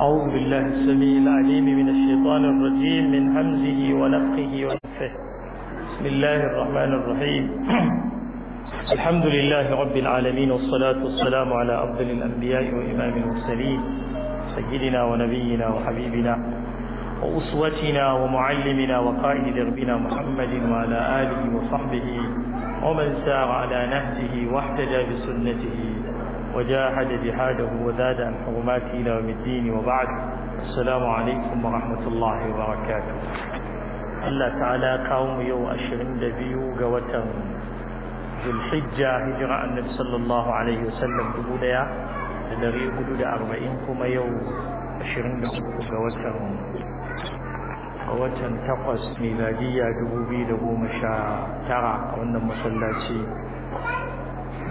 أعوذ بالله السميع العليم من الشيطان الرجيم من همزه ونفخه ونفه بسم الله الرحمن الرحيم الحمد لله رب العالمين والصلاة والسلام على أفضل الأنبياء وإمام المرسلين سيدنا ونبينا وحبيبنا وأسوتنا ومعلمنا وقائد دربنا محمد وعلى آله وصحبه ومن سار على نهجه واحتجى بسنته وجاهد جهاده وزاد عن حرمات إلى يوم الدين وبعد السلام عليكم ورحمة الله وبركاته الله تعالى قوم يو أشرين دبيو قوتهم ذو الحجة هجرة النبي صلى الله عليه وسلم تقوليا لدري حدود أربعين كما يو أشرين دبيو قوتهم قوتا تقس ميلادية دبوبي دبو مشا ترى وأن مصلاتي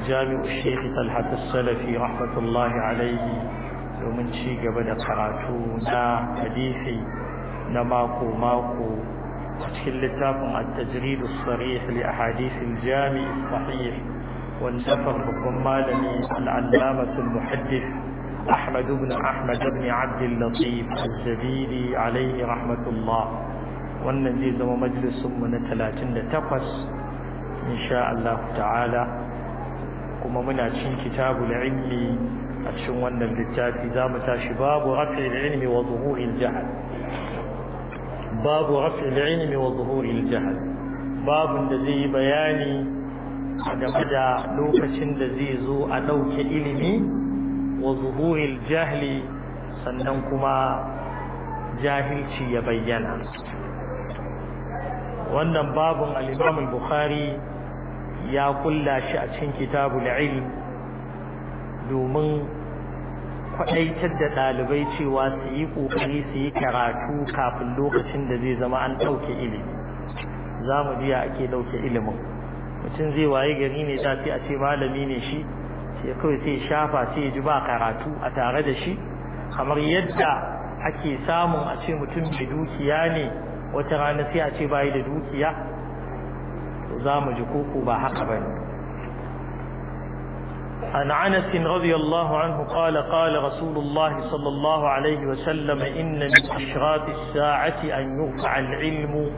جامع الشيخ طلحة السلفي رحمة الله عليه ومن شي قبل قراتونا حديثي نماكو ماكو وتحل تاكم التجريد الصريح لأحاديث الجامع الصحيح والنفر بقمالني العلامة المحدث أحمد بن أحمد بن عبد اللطيف الزبيدي عليه رحمة الله والنزيد ومجلس من ثلاثين تقص إن شاء الله تعالى kuma muna cin kitabul ilmi a cikin wannan littafi za mu tashi babu rafi ilmi wa zuhuril jahal babu rafi ilmi wa zuhuril jahal babun da zai yi bayani game da lokacin da zai zo a ɗauke ilimi wa zuhuril jahli sannan kuma jahilci ya bayyana wannan babun al-Imam al-Bukhari ya kulla shi a cikin kitabul ilm domin kwaɗaitar da ɗalibai cewa su yi ƙoƙari su yi karatu kafin lokacin da zai zama an ɗauke ilimi za mu biya ake ɗauke ilimin mutum zai waye gari ne za a ce malami ne shi sai kawai sai shafa sai ji ba karatu a tare da shi kamar yadda ake samun a ce mutum mai dukiya ne wata rana sai a ce bayi da dukiya za mu ji koko ba haka ba ne عن عنس رضي الله عنه قال قال رسول الله صلى الله عليه وسلم إن من أشراط الساعة أن يرفع العلم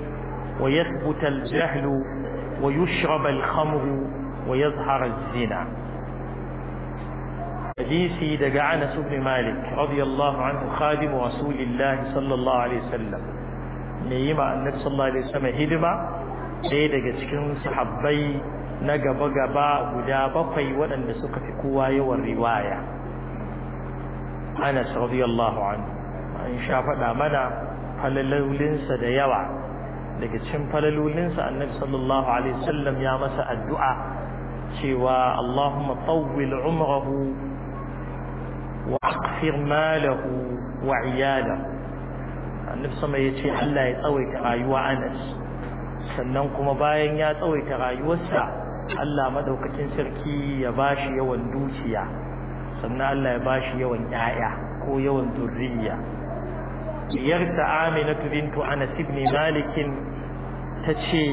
ويثبت الجهل ويشرب الخمر ويظهر الزنا حديثي دق عنس بن مالك رضي الله عنه خادم رسول الله صلى الله عليه وسلم نيما النبي صلى الله عليه وسلم هدما ɗaya daga cikin sahabbai na gaba-gaba guda bakwai waɗanda suka fi kowa yawan riwaya anas radiyallahu anhu an sha faɗa mana falalolinsa da yawa daga cikin falalolinsa annabi sallallahu alaihi wasallam ya masa addu'a cewa Allahumma tawwil umrahu wa aqfir malahu wa iyalahu annabi sama yace Allah ya tsawaita rayuwa Anas sannan kuma bayan ya tsawaita rayuwarsa Allah madaukakin sarki ya bashi yawan dukiya sannan Allah ya bashi yawan 'ya'ya ko yawan zurriya yarta Aminatu bintu Anas ibn Malik tace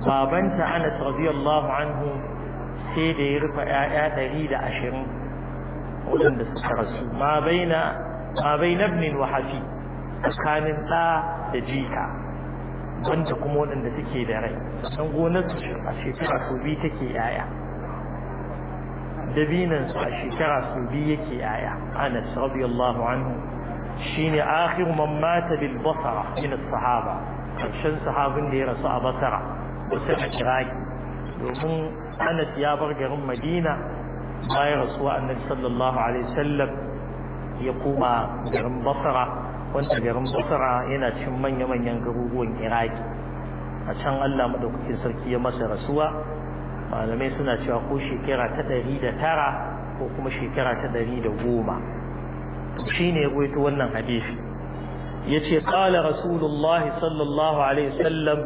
babanta Anas radiyallahu anhu sai da ya rufa 'ya'ya 120 waɗanda suka rasu ma baina ma baina ibn wa hafi tsakanin ɗa da jika banda kuma waɗanda suke da rai san gonar su a shekara su biyu take yaya dabinan su a shekara su biyu yake yaya anas radiyallahu anhu shine akhir man mata bil basara min sahaba karshen sahabin da ya rasu a basara wasu a kiraki domin anas ya bar garin madina bayan rasuwa annabi sallallahu alaihi wasallam ya koma garin basara wanda garin basara yana cikin manya-manyan garuruwan Iraki a can Allah madaukakin sarki ya masa rasuwa malamai suna cewa ko shekara ta ɗari da tara ko kuma shekara ta ɗari da goma shi ne ruwaito wannan hadisi ya ce ƙala rasulullahi sallallahu alaihi sallam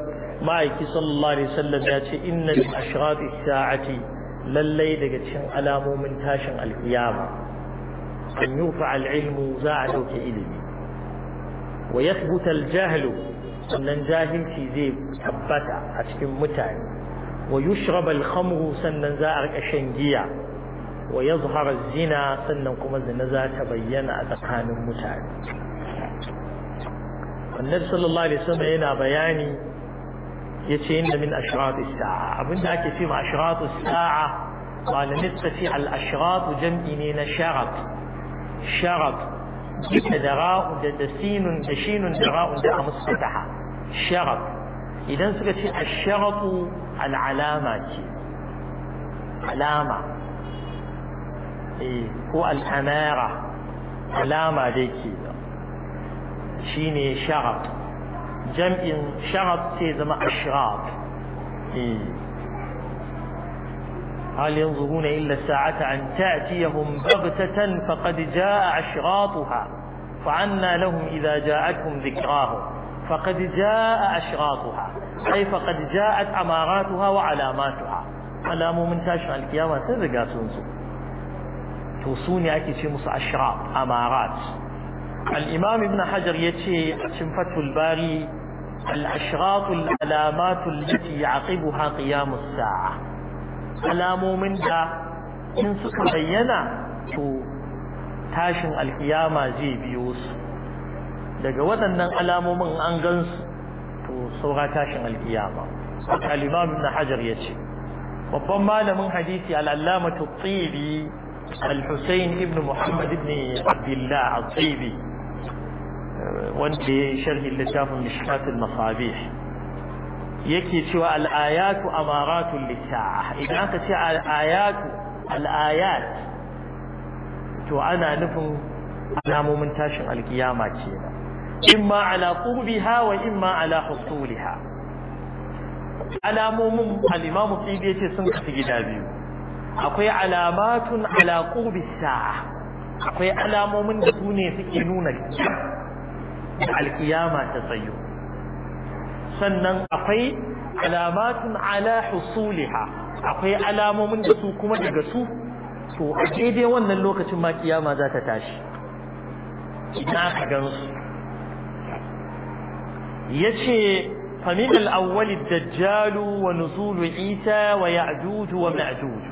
ma'aiki sallallahu alaihi sallam ya ce inna min ashrafi sa'ati lallai daga cikin alamomin tashin alkiyama an yufa al'ilmu za a ɗauke ilimi ويثبت الجهل سنن جاهل في ذيب ثبت أتكم متع ويشرب الخمر سنن زائر أشنجية ويظهر الزنا سنن قمز نزا تبين أتقان متعين النبي صلى الله عليه وسلم هنا بياني يتين من أشراط الساعة أبن ذاك يتين أشراط الساعة قال نتفتي على الأشراط جمعين شرط شرط duka da ra'u da da da shinun da ra'u da a musu sharaf idan suka ce ash-sharafu al-alama ce alama eh ko al'amara alama dai ke shine sharaf jam'in sharaf sai zama ashraf eh هل ينظرون إلا الساعة أن تأتيهم بغتة فقد جاء أشراطها فعنا لهم إذا جاءتهم ذكراهم فقد جاء أشراطها أي فقد جاءت أماراتها وعلاماتها علامو من تاشر القيامة تذكى سنسو توصوني أكي شيء أشراط أمارات الإمام ابن حجر يتشي شنفته الباري الأشراط العلامات التي يعقبها قيام الساعة alamomin da in suka bayyana to tashin alkiyama zai biyo su daga waɗannan alamomin an gansu to saura tashin alkiyama alimam na hajar ya ce. babban malamin hadisi al-allama tutibi al-husayn ibn muhammad ibn abdullah al tsibi wanda ya yi sharhi littafin mishkat al-masabih yake cewa al'ayatu amaratun lissa'a idan aka ce al'ayatu al'ayat to ana nufin alamomin tashin alkiyama kenan imma ala qurbiha wa imma ala husuliha alamomin al-imam tsibi yace sun kasu gida biyu akwai alamatun ala qurbi akwai alamomin da su ne suke nuna alkiyama ta tsayo sannan akwai alamatun ala suliha, akwai alamomin da su kuma daga su to a daidai wannan lokacin makiyama kiyama za ta tashi idan aka gan ya ce faminal awwalid dajjalu wa nuzulu isa wa ya'juj wa ma'juj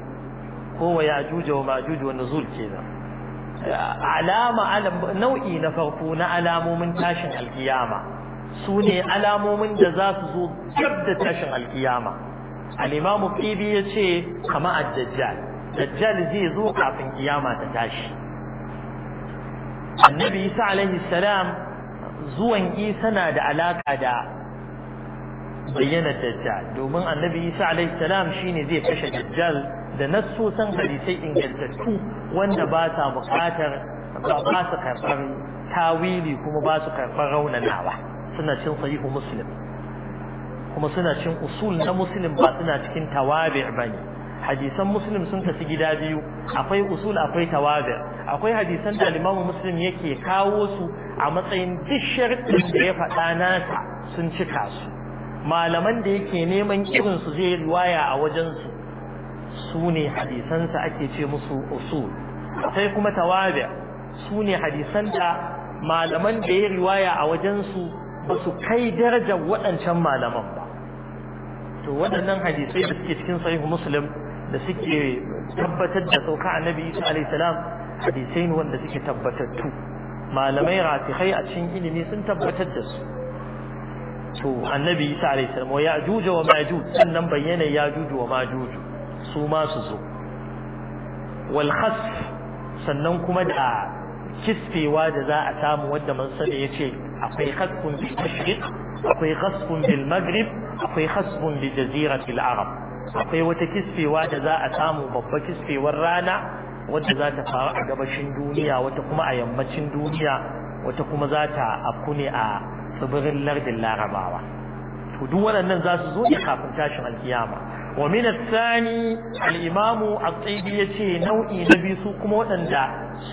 ko wa ya'juj wa ma'juj wa nuzul kenan alama alam nau'i na farko na alamomin tashin alkiyama su ne alamomin da za su zo gab da tashin alkiyama al-imamu ya ce kama a dajjal dajjal zai zo kafin kiyama ta tashi annabi isa alaihi salam zuwan isa na da alaka da bayyana dajjal domin annabi isa alaihi salam shine zai kashe dajjal da nassosan hadisai ingantattu wanda ba sa bukatar ba su karɓar tawili kuma ba su karɓar raunanawa suna cin sahihu muslim kuma suna cin usul na muslim ba suna cikin tawabi' bane hadisan muslim sun tafi gida biyu akwai usul akwai tawabi' akwai hadisan da limamu muslim yake kawo su a matsayin duk sharɗin da ya faɗa nasa sun cika su malaman da yake neman irin su zai riwaya a wajen su su ne hadisansa ake ce musu usul sai kuma tawabi' su ne hadisan da malaman da ya riwaya a wajen su ba su kai darajar waɗancan malaman ba to waɗannan hadisai da suke cikin sahihu muslim da suke tabbatar da sauka annabi isa alaihi salam hadisai ne wanda suke tabbatattu malamai ratihai a cikin ilimi sun tabbatar da su to annabi isa alaihi salam wa ya'juj wa ma'juj sannan bayyana ya'juj wa ma'juj su ma su zo wal khasf sannan kuma da kisfewa da za a samu wanda man sani yace akwai khasfun bil akwai khasfun bil akwai khasfun bi jaziratil arab akwai wata kisfewa da za a samu babba kisfewar rana wadda zata faru a gabashin duniya wata kuma a yammacin duniya wata kuma za ta a tsibirin lardin larabawa to duk waɗannan za su zo ne kafin tashin alkiyama wa Sani Alimamu al-imam at-tibi yace nau'i na biyu su kuma waɗanda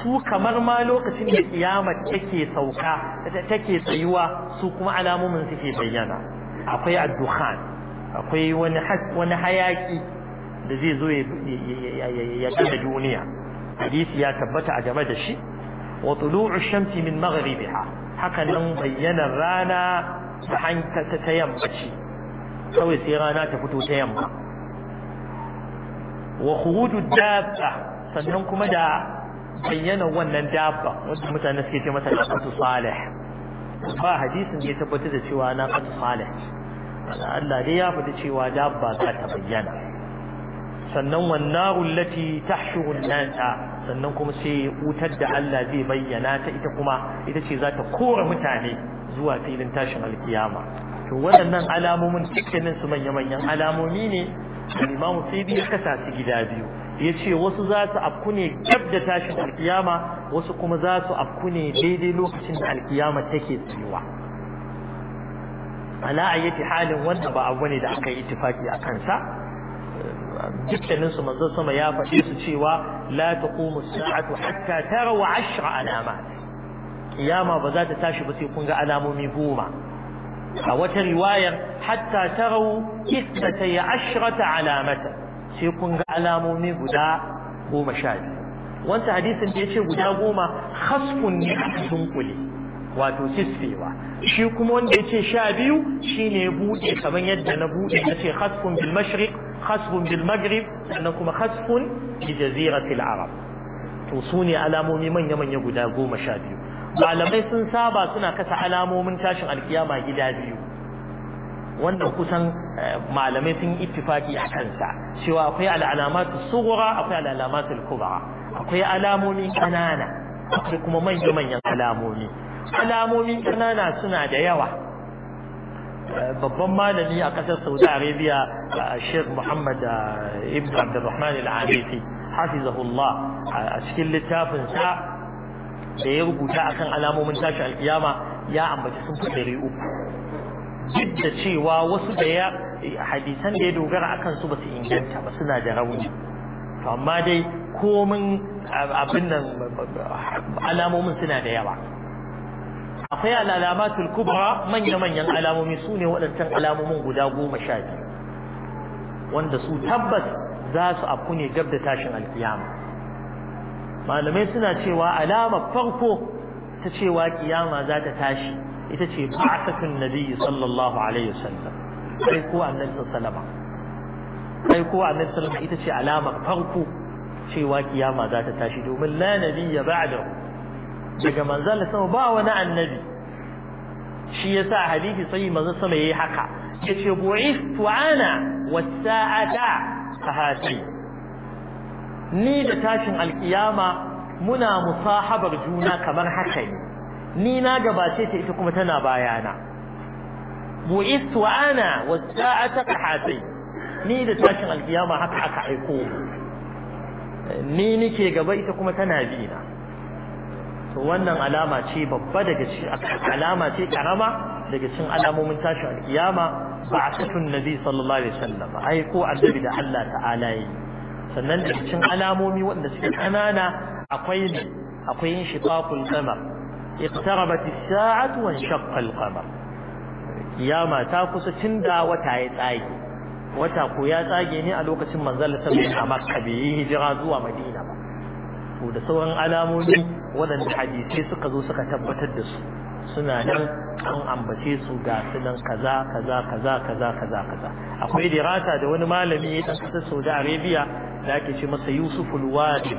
su kamar ma lokacin da kiyama take sauka take tsayuwa su kuma alamomin suke bayyana akwai ad akwai wani wani hayaki da zai zo ya gada duniya hadisi ya tabbata a game da shi wa tulu'u shamsi min maghribiha haka nan bayyana rana ta ta yammaci kawai sai rana ta fito ta yamma wa khuruju dabba sannan kuma da bayyana wannan dabba wanda mutane suke ce masa naqatu salih ba hadisin da ya tabbatar da cewa naqatu salih Allah dai ya faɗi cewa dabba za ta bayyana sannan wannaru lati tahshuru nasa sannan kuma sai wutar da Allah zai bayyana ta ita kuma ita ce za ta kora mutane zuwa filin tashin alkiyama to waɗannan alamomin dukkanin su manya-manyan alamomi ne al sai biyu ya kasa su gida biyu yace wasu za su afku gab da tashin alkiyama wasu kuma za su daidai lokacin da alkiyama take tsiwa ala ayyati halin wanda ba abu ne da aka yi ittifaki a kansa dukkanin su manzo sama ya faɗi su cewa la taqumu sa'atu hatta tara wa ashra alamat kiyama ba za ta tashi ba sai kun ga alamomi goma a wata riwayar hatta tarau ya ashirata alamata sai kun ga alamomi guda goma sha biyu hadisin da yace guda goma haskun ne a dunkule wato sisfewa shi kuma wanda yace sha biyu shine buɗe kamar yadda na buɗe, nace haskun bil mashriq haskun bil maghrib sannan kuma haskun bi jaziratil arab to sune alamomi manya manya guda goma sha biyu malamai sun saba suna kasa alamomin tashin alkiyama gida biyu wanda kusan eh, malamai sun ittifaki a kansa cewa akwai al'alamatu sughra akwai al'alamatu kubra akwai alamomi kanana akwai kuma manya manyan alamomi alamomi kanana suna da yawa eh, babban malami a kasar Saudi Arabia eh, Sheikh Muhammad Ibn Abdulrahman Al-Arifi hafizahullah a cikin littafin sa da ya rubuta akan alamomin tashi alkiyama ya ambaci sun fi ɗari uku duk da cewa wasu da ya hadisan da ya dogara akan su ba su inganta ba suna da rauni to amma dai komin abin nan alamomin suna da yawa akwai alalamatul kubra manya-manyan alamomi su ne waɗancan alamomin guda goma sha biyu wanda su tabbas za su afu ne gab da tashin alkiyama malamai suna cewa alamar farko ta cewa kiyama za ta tashi ita ce ba'atun nabi sallallahu alaihi wasallam sai ko annabi sallama sai ko annabi sallama ita ce alamar farko cewa kiyama za ta tashi domin la nabiyya ba'da daga manzon sama ba wani annabi shi yasa hadisi sai manzon sama yayi haka yace bu'ithu ana was sa'ata fahatai ni da tashin alkiyama muna musahabar juna kamar haka ne ni na gabace ta ita kuma tana bayana bu'istu ana wa sa'ata qahatai ni da tashin alkiyama haka aka aiko ni nike gaba ita kuma tana bi na to wannan alama ce babba daga cikin alama ce karama daga cikin alamomin tashin alkiyama ba'atun nabi sallallahu alaihi wasallam aiko annabi da Allah ta'ala yi sannan da cikin alamomi wanda suke kanana akwai ne akwai inshiqaqul qamar iqtarabat as-sa'atu wa al-qamar kiyama ta kusa tunda wata ya tsage wata ko ya tsage ne a lokacin manzon sallallahu a Makka bai yi hijira zuwa Madina ba to da sauran alamomi waɗanda hadisai suka zo suka tabbatar da su suna nan an ambace su ga su nan kaza kaza kaza kaza kaza kaza akwai dirata da wani malami dan kasar Saudi Arabia da ake ce masa Yusuf al-Wadi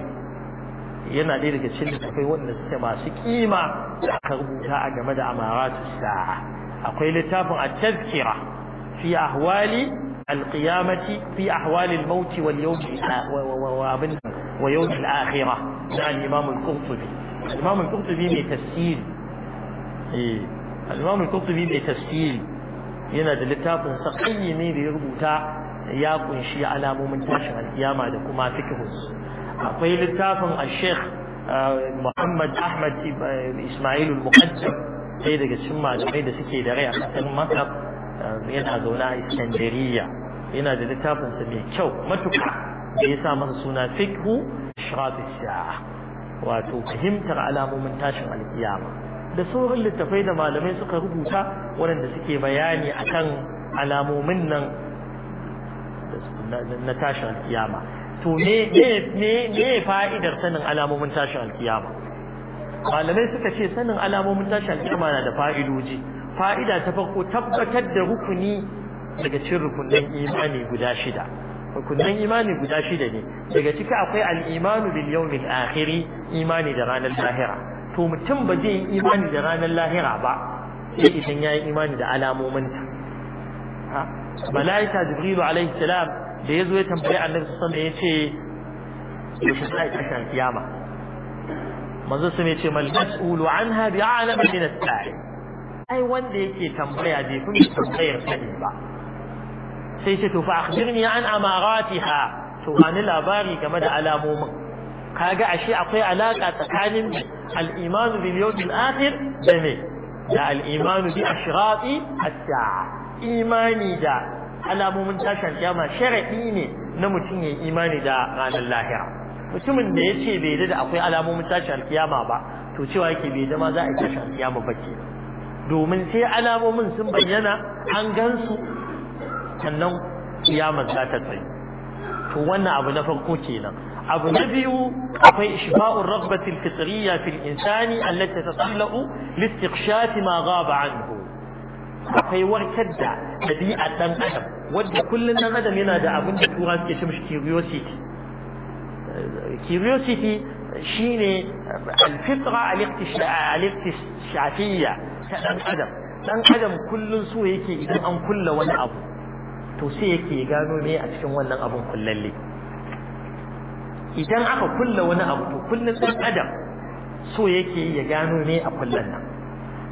yana ɗaya daga cikin akwai wanda suke masu kima da aka rubuta a game da amaratu sa'a akwai littafin at-tazkira fi ahwali القيامة في أحوال الموت واليوم ويوم الآخرة ده الإمام القرطبي الإمام القرطبي ne تفسير eh al-imam mai tafsiri yana da littafin saqayyi ne da ya rubuta ya kunshi alamomin tashin alkiyama da kuma fiqhus akwai littafin a sheikh eh, Muhammad Ahmad Ismail al-Muqaddam sai daga cikin malamai da suke da rai a kasar Masar eh, yana zaune a Iskandariya yana da littafinsa mai kyau matuka da ya sa masa suna fikhu shraf sa'a wato fahimtar alamomin tashin alkiyama da sauran littafai da malamai suka rubuta waɗanda suke bayani akan alamomin nan na tashin alkiyama to me ne fa'idar sanin alamomin tashin alkiyama malamai suka ce sanin alamomin tashin alkiyama na da fa'idoji fa'ida ta farko tabbatar da rukuni daga cikin rukunin imani guda shida rukunin imani guda shida ne daga ciki akwai al-imanu bil yawmil akhir imani da ranar lahira to mutum ba zai yi imani da ranar lahira ba sai idan ya yi imani da alamominta mala'ika jibrilu alaihi salam da ya zo ya tambayi annabi sallallahu alaihi wasallam ya ce yaushe za a tashi alkiyama manzo sun ya ce mal mas'ulu anha bi'alam min as-sa'i ai wanda yake tambaya bai kun tambayar sani ba sai ce to fa akhbirni an amaratiha to wani labari game da alamomin kaga ashe akwai alaka tsakanin al-imanu bil al akhir da ne da al-imanu bi ashraqi imani da alamomin tashin kiyama sharadi ne na mutum ya imani da ranar lahira mutumin da yace bai da akwai alamomin tashin kiyama ba to cewa yake bai da ma za a yi tashin kiyama ba ke domin sai alamomin sun bayyana an gansu sannan kiyama za ta tsaye to wannan abu na farko kenan أبو نبي في إشباء الرغبة الفطرية في الإنسان التي تطلق لاستقشاف ما غاب عنه في وركدة بديعة من أدم ودي كل النغدة من هذا أبو نبي في غاز كيسمش كيريوسيتي كيريوسيتي شين الفطرة الاقتشافية من أدم من أدم كل سويكي إذا أن كل ولا توسيكي قالوا لي أتكون ولا أبو كل اللي idan aka kulla wani abu to kullun dan adam so yake ya gano ne a kullun nan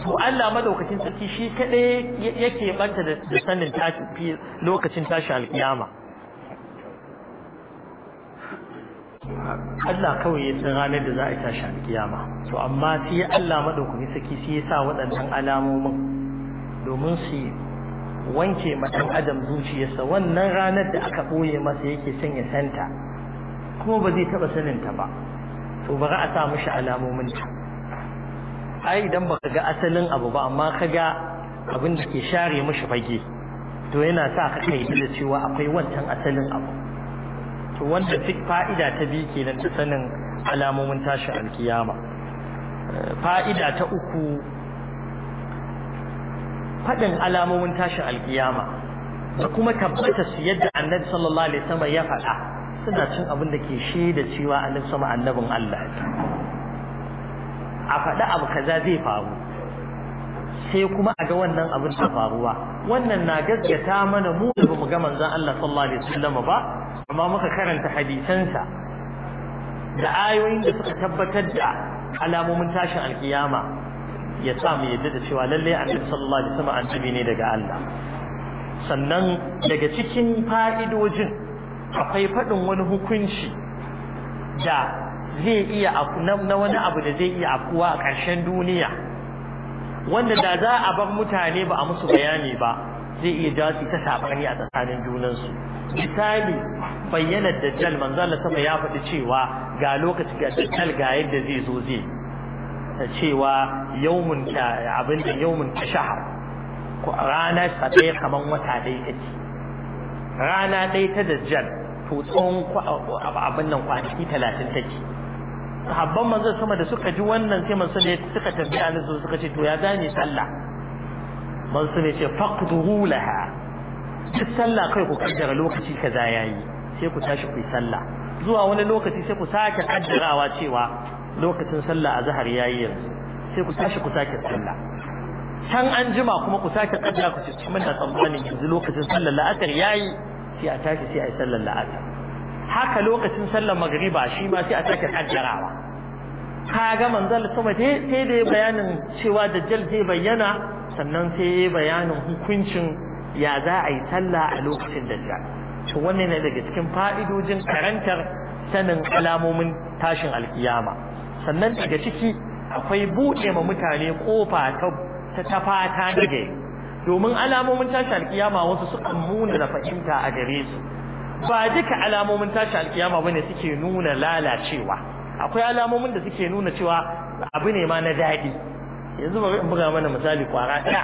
to Allah madaukakin sarki shi kadai yake banta da sanin tashi lokacin tashi alkiyama Allah kawai ya san ranar da za a tashi alkiyama to amma sai Allah madaukakin sarki sai ya sa waɗannan alamomin domin su wanke matan adam zuciyarsa wannan ranar da aka ɓoye masa yake son ya santa Kuma ba zai taɓa saninta ba to ba za a sa mishi ta ai idan baka ga asalin abu ba amma ka ga abin da ke share mishi fage to yana sa ka kai da cewa akwai wancan asalin abu to wanda duk fa'ida ta bi kenan ta sanin alamomin tashin alkiyama eh, fa'ida ta uku faɗin alamomin tashin alkiyama da kuma tabbatar su yadda annabi sallallahu alaihi wasallam ya faɗa suna cin abin da ke shaida cewa annabi sama annabin Allah a faɗi abu kaza zai faru sai kuma a ga wannan abin da faruwa wannan na gaskata mana mu da bamu ga manzon Allah sallallahu alaihi wasallam ba amma muka karanta hadisansa da ayoyin da suka tabbatar da alamomin tashin alkiyama ya sa mu yadda da cewa lalle annabi sallallahu alaihi wasallam ne daga Allah sannan daga cikin fa'idojin akwai faɗin wani hukunci da zai iya na wani abu da zai iya afkuwa a ƙarshen duniya wanda da za a bar mutane ba a musu bayani ba zai iya ja su ta sabani a tsakanin junansu misali bayyanar dajjal manzo Allah sama ya faɗi cewa ga lokaci ga dajjal ga yadda zai zo zai ta cewa yawmun abin da yawmun shahar rana ta kamar wata ɗaya take rana dai ta dajjal to tsawon abin nan kwanaki talatin take sahabban manzon sama da suka ji wannan sai manzon ne suka tambaya ne su suka ce to ya gane sallah manzon ne ce faqduhu laha duk sallah kai ku kaddara lokaci kaza yayi sai ku tashi ku yi sallah zuwa wani lokaci sai ku sake kaddarawa cewa lokacin sallah a azhar yayi yanzu sai ku tashi ku sake sallah can an jima kuma ku sake kaddara ku ce mun da tsammanin yanzu lokacin sallah la'asar yayi sai a tashi sai a yi sallar la'asar haka lokacin sallar magriba shi ma sai a sake kaddarawa ka ga manzal sama sai da ya bayanin cewa dajjal zai bayyana sannan sai ya bayanin hukuncin ya za a yi sallah a lokacin dajjal to wannan ne daga cikin fa'idojin karantar sanin alamomin tashin alkiyama sannan daga ciki akwai buɗe ma mutane kofa ta tafata na gari domin alamomin tashi alkiyama wasu sukan nuna na fahimta a gare su ba duka alamomin tashi alkiyama bane suke nuna lalacewa akwai alamomin da suke nuna cewa abu ne ma na daɗi yanzu ba in buga mana misali kwara ɗaya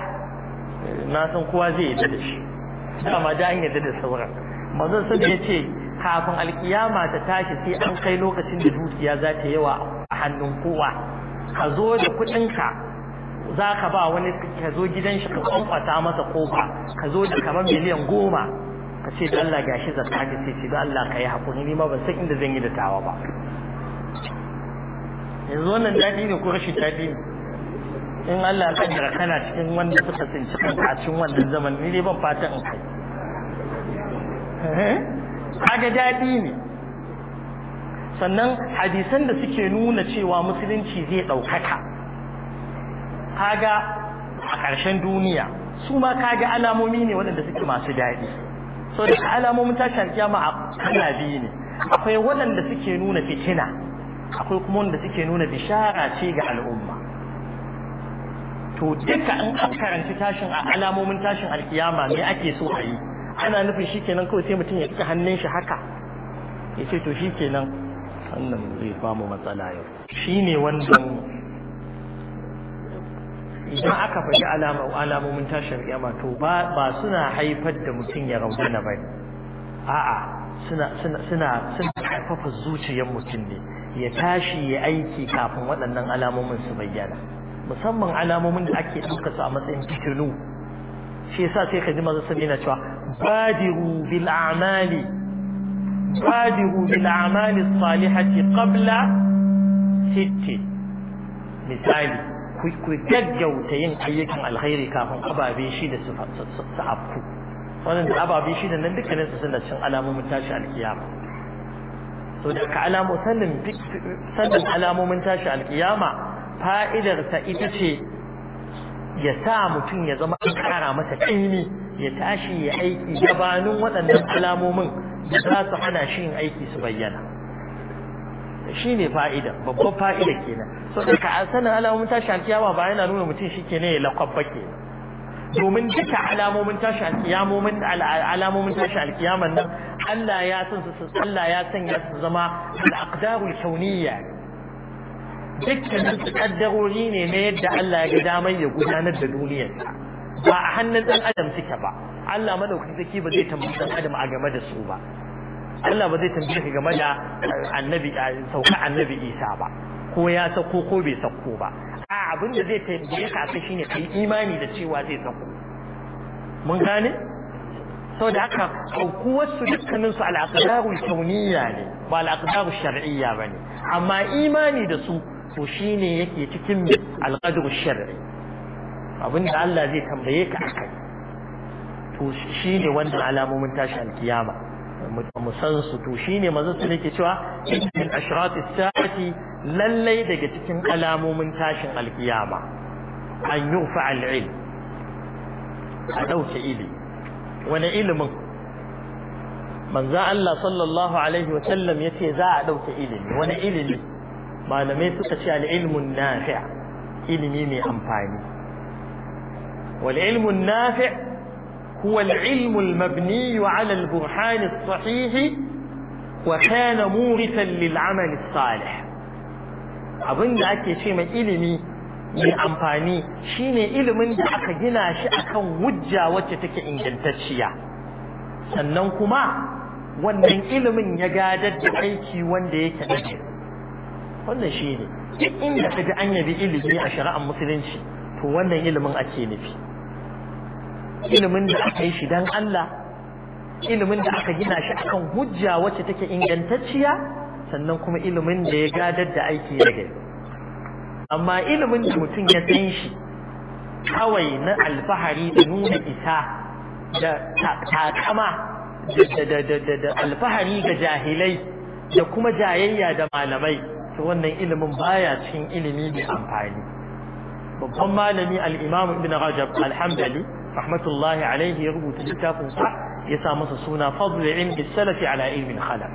na san kowa zai yadda da shi dama da an yadda da sauran manzon sun ya ce kafin alkiyama ta tashi sai an kai lokacin da dukiya za ta yawa a hannun kowa ka zo da kuɗinka za ka ba wani ka zo gidan shi ka kwamfata masa kofa ka zo da kamar miliyan goma ka ce da Allah gashi zakka ka ce ce da Allah ka yi haƙuri ni ma ban san inda zan yi da tawa ba yanzu wannan daɗi ne ko rashin daɗi ne in Allah ka jira kana cikin wanda suka tsinci kanka a cikin wannan zaman ni ne ban fata in kai eh? kaga daɗi ne sannan hadisan da suke nuna cewa musulunci zai ɗaukaka kaga a ƙarshen duniya su ma kaga alamomi ne waɗanda suke masu daɗi so da alamomin tashin kiyama a kala biyu ne akwai waɗanda suke nuna fitina akwai kuma wanda suke nuna bishara ce ga al'umma to duka an karanci tashin a alamomin tashin alkiyama me ake so a yi ana nufin shikenan kawai sai mutum ya cika hannun shi haka ya ce to shikenan wannan zai famu matsala yau shine wanda. idan aka faɗi alamomin tashin kiyama to ba suna haifar da mutum ya na ba a'a suna suna suna suna haifafa zuciyar mutum ne ya tashi ya aiki kafin waɗannan alamomin su bayyana musamman alamomin da ake ɗauka su a matsayin fitinu shi yasa sai ka ji maza sabi na cewa badiru bil a'mali badiru bil a'mali salihati qabla sitti misali ku gaggauta yin ayyukan alkhairi kafin ababe shi da su afku wannan ababe shi da nan dukkanin su suna cin alamomin tashi alkiyama to da ka alamu sanin sannan alamomin tashi alkiyama fa'idar ta ita ce ya sa mutum ya zama an kara masa kaimi ya tashi ya aiki gabanin waɗannan alamomin da za su hana shi yin aiki su bayyana shi ne fa'ida babban fa'ida kenan so da ka sanin alamomin tashi alkiyama ba yana nuna mutum shi ke ne ya lakwabba ke domin duka alamomin tashi alkiyamomin alamomin tashi alkiyaman nan Allah ya san su Allah ya sanya su zama al-aqdarul kauniyya dukkanin su kaddarori ne na yadda Allah ya ga damar ya gudanar da duniyar ba a hannun dan adam suke ba Allah madaukakin sarki ba zai tambayi dan adam a game da su ba Allah ba zai tambaye ka game da eh, annabi eh, sauka annabi Isa ba ko ya sauko ko bai sauko ba a abin da zai tambaye ka kai shine kai imani da cewa zai sauko mun gane sau da haka dukkanin dukkaninsu al'aqdaru kauniyya ne ba al'aqdaru shar'iyya ba ne amma imani da su to shine yake cikin al'aqdarul shar'i abinda Allah zai tambaye ka akai to shine wannan alamomin tashi alkiyama mu san su to shine manzo su yake cewa in ashrati sa'ati lallai daga cikin alamomin tashin alkiyama an yufa al-ilm a dauke ilimi wani ilimin manzo Allah sallallahu alaihi wa sallam yace za a dauke ilimi wani ilimi malamai suka ce al-ilmun nafi' ilimi mai amfani wal ilmun nafi' هو العلم المبني على البرهان الصحيح وكان مورثا للعمل الصالح abin da ake ce mai ilimi mai amfani shine ilimin da aka gina shi akan wujja wacce take ingantacciya sannan kuma wannan ilimin ya gadar da aiki wanda yake nake wannan shine duk inda kaji an yabi ilimi a shari'ar musulunci to wannan ilimin ake nufi ilimin da aka yi shi dan Allah ilimin da aka gina shi akan hujja wacce take ingantacciya sannan kuma ilimin da ya gadar da aiki da gari amma ilimin da mutum ya san shi kawai na alfahari da nuna isa da takama da alfahari ga jahilai da kuma jayayya da malamai to wannan ilimin baya cikin ilimi mai amfani babban malami al ibn rajab alhamdali rahmatullahi alaihi ya rubuta littafin sa ya sa masa suna fadlu ilmi salafi ala ilmin khalaf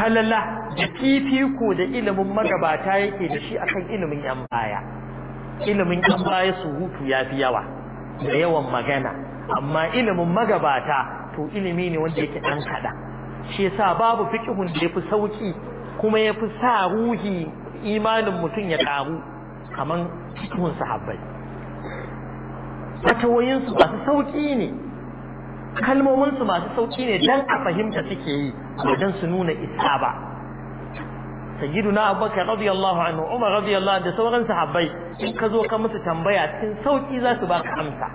halalla da fifiko da ilimin magabata yake da shi akan ilimin yan baya ilimin yan baya surutu ya fi yawa da yawan magana amma ilimin magabata to ilimi ne wanda yake dan kada shi yasa babu fiqhun da yafi sauki kuma yafi sa ruhi imanin mutum ya karu kaman fiqhun sahabbai fatawoyinsu masu sauƙi ne kalmominsu masu sauƙi ne don a fahimta suke yi wajen su nuna isa ba na abubakar radiyallahu anhu umar radiyallahu da sauran sahabbai in ka zo ka musu tambaya cikin sauƙi za su baka amsa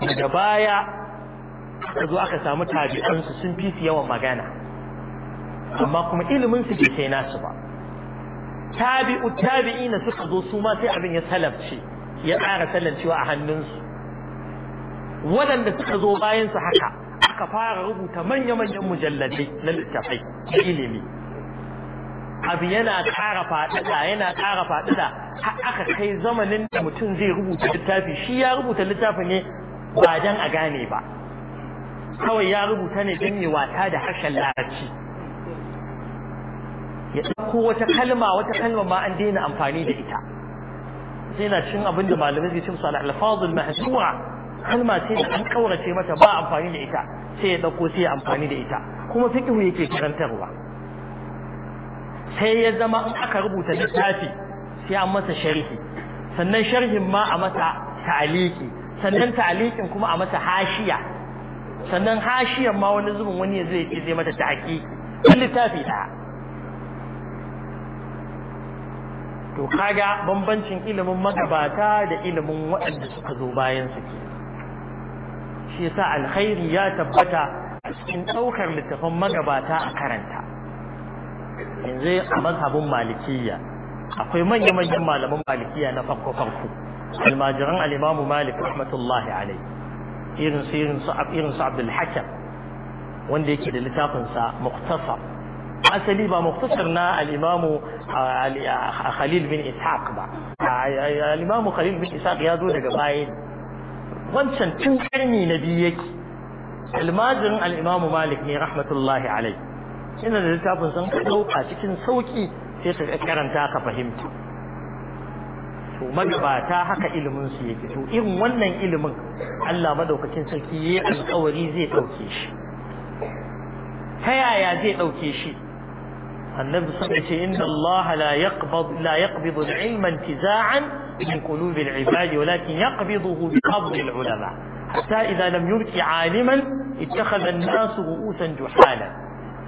daga baya ka zo aka samu tabi'ansu sun fi su yawan magana amma kuma ilimin su bai kai nasu ba tabi'u tabi'ina suka zo su ma sai abin ya salafce ya ƙara salancewa a hannunsu waɗanda suka zo bayan su haka aka fara rubuta manya-manyan mujalladai na littafai da ilimi abu yana ƙara faɗaɗa yana ƙara faɗaɗa aka kai zamanin da mutum zai rubuta littafi shi ya rubuta littafi ne ba don a gane ba kawai ya rubuta ne don yi wata da harshen larabci ya ɗauko wata kalma wata kalma ma an daina amfani da ita sai na cin abin da malamai suke ce musu al-alfazul mahsura kalma ce da an kaurace mata ba amfani da ita sai ya dauko sai ya amfani da ita kuma fiqhu yake karantarwa sai ya zama in aka rubuta littafi sai an masa sharhi sannan sharhin ma a masa ta'aliki sannan ta'alikin kuma a masa hashiya sannan hashiyan ma wani zubin wani ya zai ce zai mata ta'aqiqi littafi da to kaga bambancin ilimin magabata da ilimin waɗanda suka zo bayan su shi yasa alkhairi ya tabbata a cikin ɗaukar littafin magabata a karanta yanzu a mazhabin malikiya akwai manya-manyan malaman malikiya na farko-farko almajiran alimamu malik rahmatullahi alai irin su irin su abdul hakim wanda yake da littafinsa muktasar asali ba muktasar na al a Khalil bin Ishaq ba al Khalil bin Ishaq ya zo daga baya wancan tun karni na biyu yake almajirin al Malik ne rahmatullahi alai ina da littafin san ka dauka cikin sauki sai ka karanta ka fahimta to magabata haka ilimin su yake to irin wannan ilimin Allah madaukakin sarki yayi alƙawari zai dauke shi ta yaya zai ɗauke shi النبي صلى الله عليه وسلم إن الله لا يقبض لا يقبض العلم انتزاعا من قلوب العباد ولكن يقبضه بقبض العلماء حتى إذا لم يبك عالما اتخذ الناس رؤوسا جحالا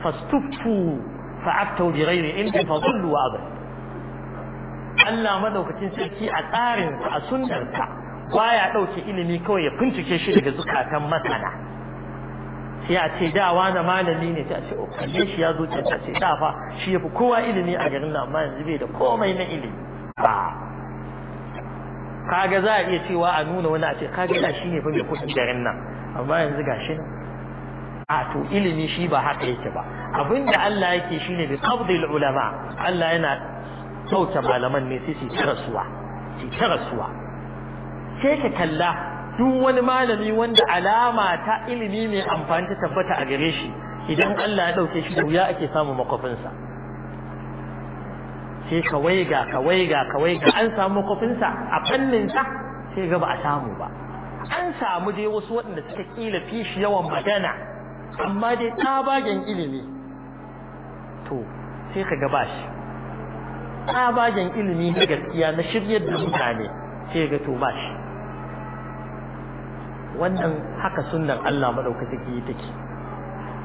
فاستفتوا فعفتوا بغير علم فضلوا وأبدوا Allah madaukakin sarki a tsarinsa a sunnarsa baya ɗauke ilimi kawai ya bincike shi sai a ce da wani malami ne ta ce oh, kalle shi ya zo ta ce da fa shi ya fi kowa ilimi a garin nan amma yanzu bai da komai na ilimi ba kaga za a iya cewa a nuna wani a ce kaga da shi ne fa mai kudin garin nan amma yanzu gashi nan a to ilimi shi ba haka yake ba abinda Allah yake shine bi qabdil ulama Allah yana sauke malaman ne sai su ta rasuwa su ta rasuwa sai ka kalla duk wani malami wanda alama ta ilimi mai amfani ta tabbata a gare shi idan Allah ya dauke shi wuya ake samu makwafinsa? sai ka waiga ka waiga ka waiga an samu makwafinsa a fannin sa sai ga ba a samu ba an samu dai wasu waɗanda suka kila fi shi yawan magana amma dai ta bagen ilimi to sai ka ga ba shi bagen ilimi na gaskiya na shiryar da mutane sai ga to ba shi wannan haka sunnan Allah madaukaki take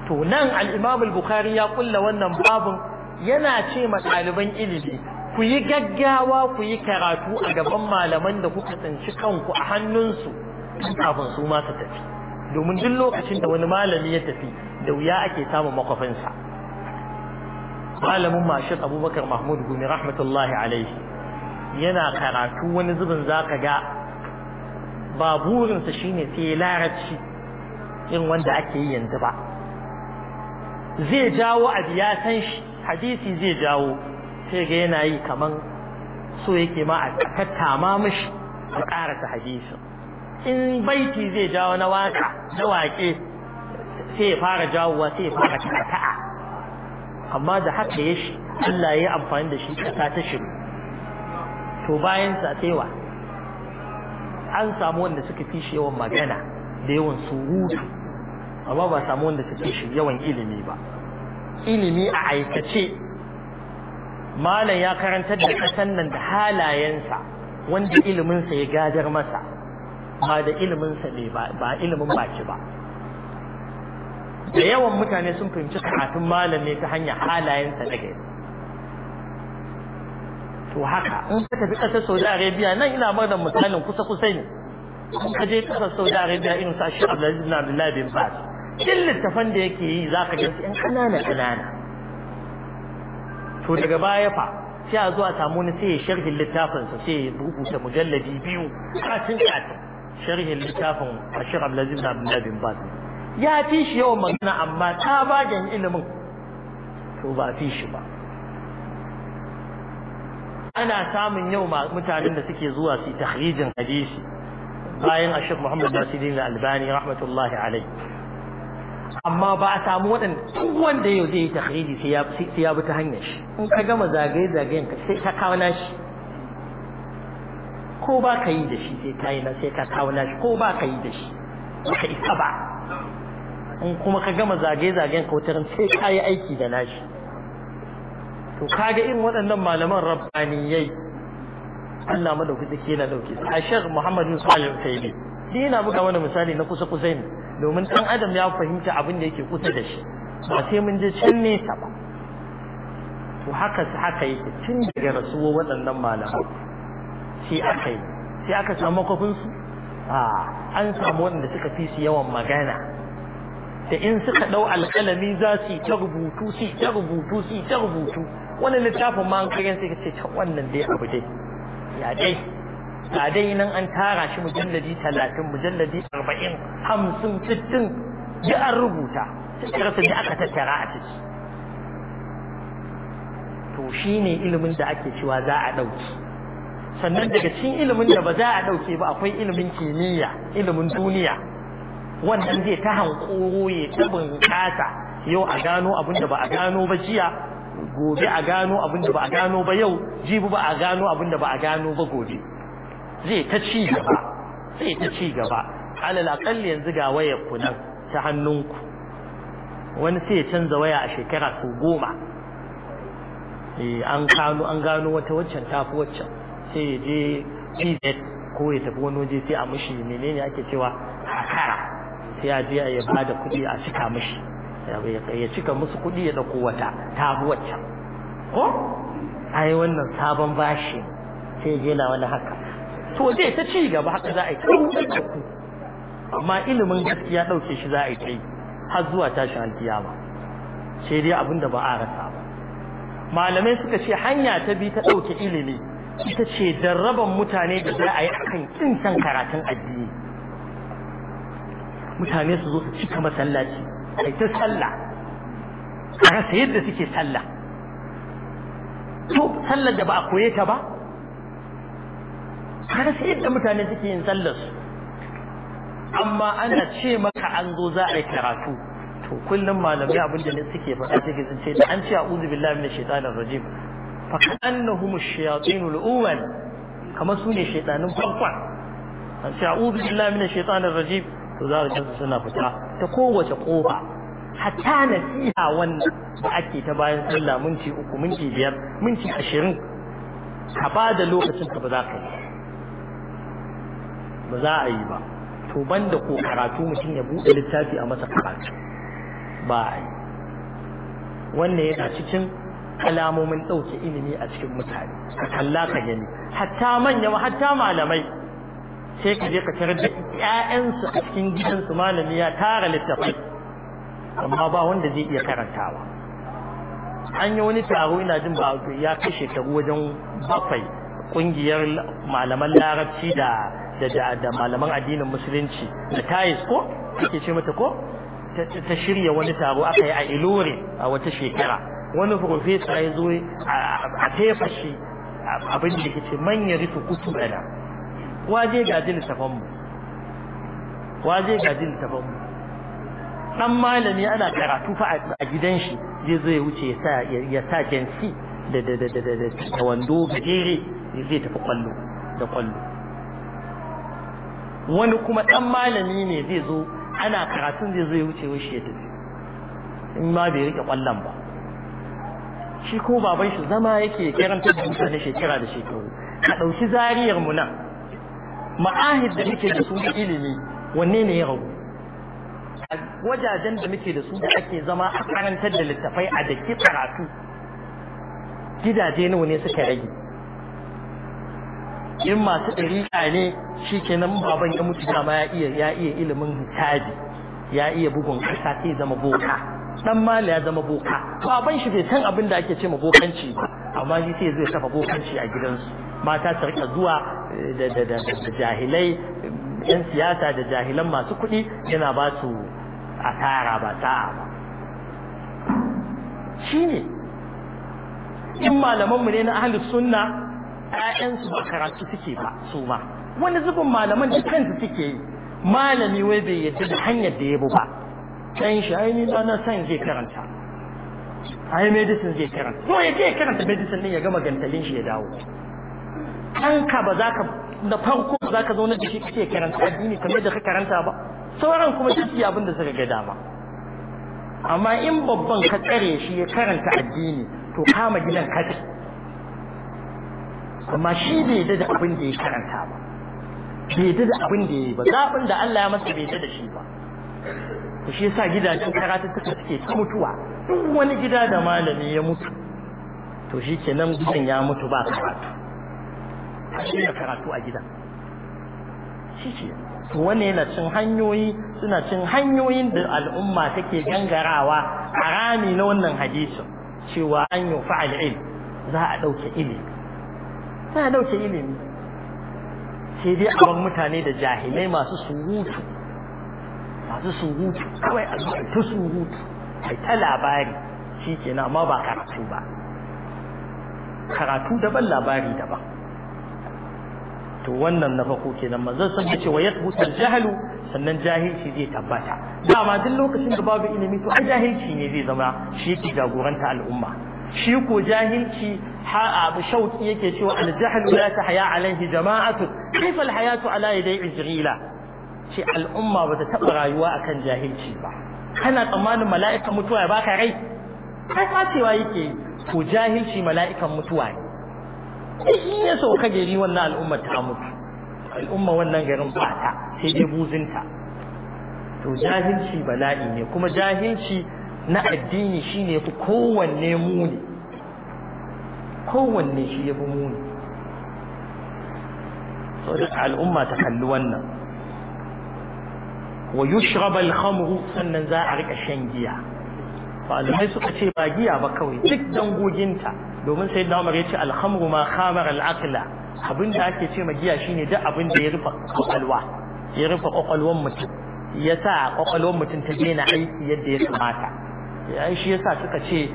to nan al-Imam al-Bukhari ya kulla wannan babun yana ce ma ɗaliban ilimi ku yi gaggawa ku yi karatu a gaban malaman da kuka tsinci kanku a hannunsu kafin su ma su tafi domin duk lokacin da wani malami ya tafi da wuya ake samun makwafinsa malamin mashin abubakar mahmud gumi rahmatullahi alaihi yana karatu wani zubin zaka ga ba burinsa shine sai ya larabci in wanda ake yi yanzu ba zai jawo abu ya san shi hadisi zai jawo sai ga yana yi kaman so yake ma a ma mishi a karasa hadisin in baiti zai jawo na waka na wake sai ya fara jawowa sai ya fara ta'a amma da haka ya shi Allah ya amfani da shi ta ta shiru to bayan sa sai wa an samu wanda suka fi shi yawan magana da yawan surutu amma ba samu wanda suka fi shi yawan ilimi ba ilimi a aikace malam ya karantar da kasan nan da halayensa wanda iliminsa ya gadar masa ba da iliminsa ne ba ilimin baki ba da yawan mutane sun fahimci karatun malam ne ta hanyar halayensa na gari to haka in ka tafi ƙasar Saudi Arabia nan ina ba da misalin kusa kusa ne in ka je ƙasar Saudi Arabia irin sa shi Abdulaziz bin Abdullah bin bas. duk littafan da yake yi zaka ga yan ƙanana ƙanana to daga baya fa sai a zo a samu wani sai ya sharhi littafin sa sai ya rubuta mujalladi biyu katin katin sharhin littafin Bashir Abdulaziz bin Abdullah bin bas. ya fi shi yawan magana amma ta bagen ilimin to ba fi shi ba ana samun yau mutanen da suke zuwa su tahrijin hadisi bayan ashir Muhammad Nasiruddin Albani rahmatullahi alai amma ba a samu waɗanda duk wanda yau zai yi tahriji sai ya bi ta hanyar shi in ka gama zagaye zagayen ka sai ka kawo nashi ko ba ka yi da shi sai ka yi na sai ka kawo nashi ko ba ka yi da shi ka isa ba in kuma ka gama zagaye zagayen ka wutar sai ka yi aiki da nashi to kaga irin waɗannan malaman rabbaniyai Allah madaukaki take yana dauke a Sheikh Muhammad bin Salih Al-Fayli yana buga wani misali na kusa kusa ne domin dan adam ya fahimta abin da yake kusa da shi ba sai mun je can nesa ba to haka su haka yake tun daga rasuwa waɗannan malaman. shi aka yi sai aka samu kofin su a ah, an samu waɗanda suka fi su yawan magana da in suka dau alƙalami za su ta rubutu su ta rubutu su ta rubutu wani littafin ma an karyar sai ce ta wannan dai abu dai ya dai ga dai nan an tara shi mujalladi talatin mujalladi arba'in hamsin sittin ya an rubuta tattara su da aka tattara a ciki to shi ne ilimin da ake cewa za a ɗauki sannan daga cikin ilimin da ba za a ɗauke ba akwai ilimin kimiyya ilimin duniya wannan zai ta hankoro ya ta bunƙasa yau a gano abin da ba a gano ba jiya gobe a gano abin da ba a gano ba yau jibi ba a gano abin da ba a gano ba gobe zai ta ci gaba zai ta ci gaba alal aqalli yanzu ga wayar ku nan ta hannunku wani sai ya canza waya a shekara su goma eh, an gano an gano wata waccan tafi waccan sai ya je ko ya tafi wani waje sai a mushi menene ake cewa hakara sai ya je ya ba da kuɗi a cika mishi ya cika musu kuɗi ya ɗauko wata ta bi wacce. ko ai wannan sabon bashi sai je na wani haka to zai ta ci gaba haka za a yi ku amma ilimin gaskiya ɗauke shi za a yi ta yi har zuwa tashi alkiyama sai dai abin da ba a rasa ba malamai suka ce hanya ta bi ta ɗauke ilimi ita ce jarraban mutane da za a yi akan kin san karatun addini mutane su zo su cika masallaci ai ta sallah a rasa yadda suke sallah to sallar da ba a koye ta ba a rasa yadda mutane suke yin sallar amma ana ce maka an zo za a yi karatu to kullum malamai abin da suke faɗa take sun ce da an ce a'udhu billahi minash shaitanir rajim fa kannahum ash-shayatinul awwal kamar su ne shaytanin farkon an ce a'udhu billahi minash shaitanir rajim to za ka suna fita ta kowace kofa hatta nasiha wanda da ake ta bayan sallah minti uku minti biyar minti ashirin ka ba da lokacin ka ba za ka yi ba za a yi ba to banda ko karatu mutum ya buɗe littafi a masa karatu ba a yi wannan yana cikin alamomin ɗauke ilimi a cikin mutane ka kalla ka gani hatta manya hatta malamai sai ka je ka tarar da ƴaƴansu a cikin gidansu malami ya tara littattafai. amma ba wanda zai iya karantawa an yi wani taro ina jin ba ya kai shekaru wajen bafai kungiyar malaman larabci da da malaman addinin musulunci da tayis ko ake ce mata ko ta shirya wani taro aka yi a ilore a wata shekara wani profesa ya zo a tefa shi abin da ke ce manyan rufe kutu waje gaji mu waje gaji mu dan malami ana karatu fa a gidan shi zai zo ya wuce ya sa ya sa jansi da da da da da da wando gajere zai tafi kwallo da kwallo wani kuma dan malami ne zai zo ana karatun zai zo ya wuce shi ya tafi in ma bai rike kwallon ba shi ko baban shi zama yake karanta da mutane shekara da shekaru a ɗauki zariyar mu nan ma'ahid da muke da su da ilimi wanne ne ya ragu wajajen da muke da su da ake zama a karantar da littafai a daki karatu gidaje nawa ne suka rage in masu ɗariƙa ne shi ke nan baban ya mutu dama ya iya ya iya ilimin hisabi ya iya bugun ƙasa ta zama boka Ɗan mali ya zama boka baban shi bai san abin da ake ce ma bokanci ba amma shi sai zai kafa bokanci a gidansu mata ta rika zuwa da jahilai yan siyasa da jahilan masu kuɗi yana ba su a tara ba sa'a ba shi ne in malamanmu ne na ahli sunna ƴaƴansu ba karatu suke ba su ma wani zubin malaman da kansu suke yi malami wai bai yadda da hanyar da ya bu ba can shi ai ni na san zai karanta ai medicine zai karanta ko ya je karanta medicine ne ya gama gantalin shi ya dawo ɗanka ba za ka da farko ba za ka zo na jiki kake karanta addini kamar da ka karanta ba sauran kuma duk abin da suka ga dama amma in babban ka tsare shi ya karanta addini to kama gidan kaci amma shi bai yadda da abin da ya karanta ba bai yadda da abin da ya yi ba zaɓin da Allah ya masa bai yadda da shi ba to shi yasa gidajen karatuttuka suke ta mutuwa duk wani gida da malami ya mutu to shi kenan gidan ya mutu ba karatu a karatu a gida shi ce su wane na cin hanyoyi suna cin hanyoyin da al'umma take gangarawa a rami na wannan hadisin cewa an yi fa'al il za a ɗauke ilimi za a ɗauke ilimi sai dai a mutane da jahilai masu surutu masu surutu kawai a ta surutu ai ta labari shi na ma ba karatu ba karatu daban labari daban to wannan na farko kenan manzon sun ce wa yathbutul jahlu sannan jahilci zai tabbata dama duk lokacin da babu ilimi to ai jahilci ne zai zama shi ke jagoranta al'umma shi ko jahilci ha abu shauki yake cewa al-jahlu la tahya alaihi jama'atu kayfa al-hayatu ala yaday ijrila ce al'umma ba ta taba rayuwa akan jahilci ba kana tsammanin mala'ikan mutuwa ya baka rai kai cewa yake ko jahilci mala'ikan mutuwa ne in ya sauka gari wannan al'umma ta mutu al'umma wannan garin ba ta sai dai buzinta to jahilci bala'i ne kuma jahilci na addini shine fi kowanne muni kowanne shi ya fi muni da al'umma ta kalli wannan wa yushrab al-khamru sannan za a rika shan giya malamai suka ce ba giya ba kawai duk dangoginta domin sai da ya ce alhamru ma khamar abin da ake ce ma giya shine duk abin da ya rufe kwakwalwa ya rufe kwakwalwan mutum ya sa kwakwalwan mutum ta daina aiki yadda ya kamata ai shi yasa suka ce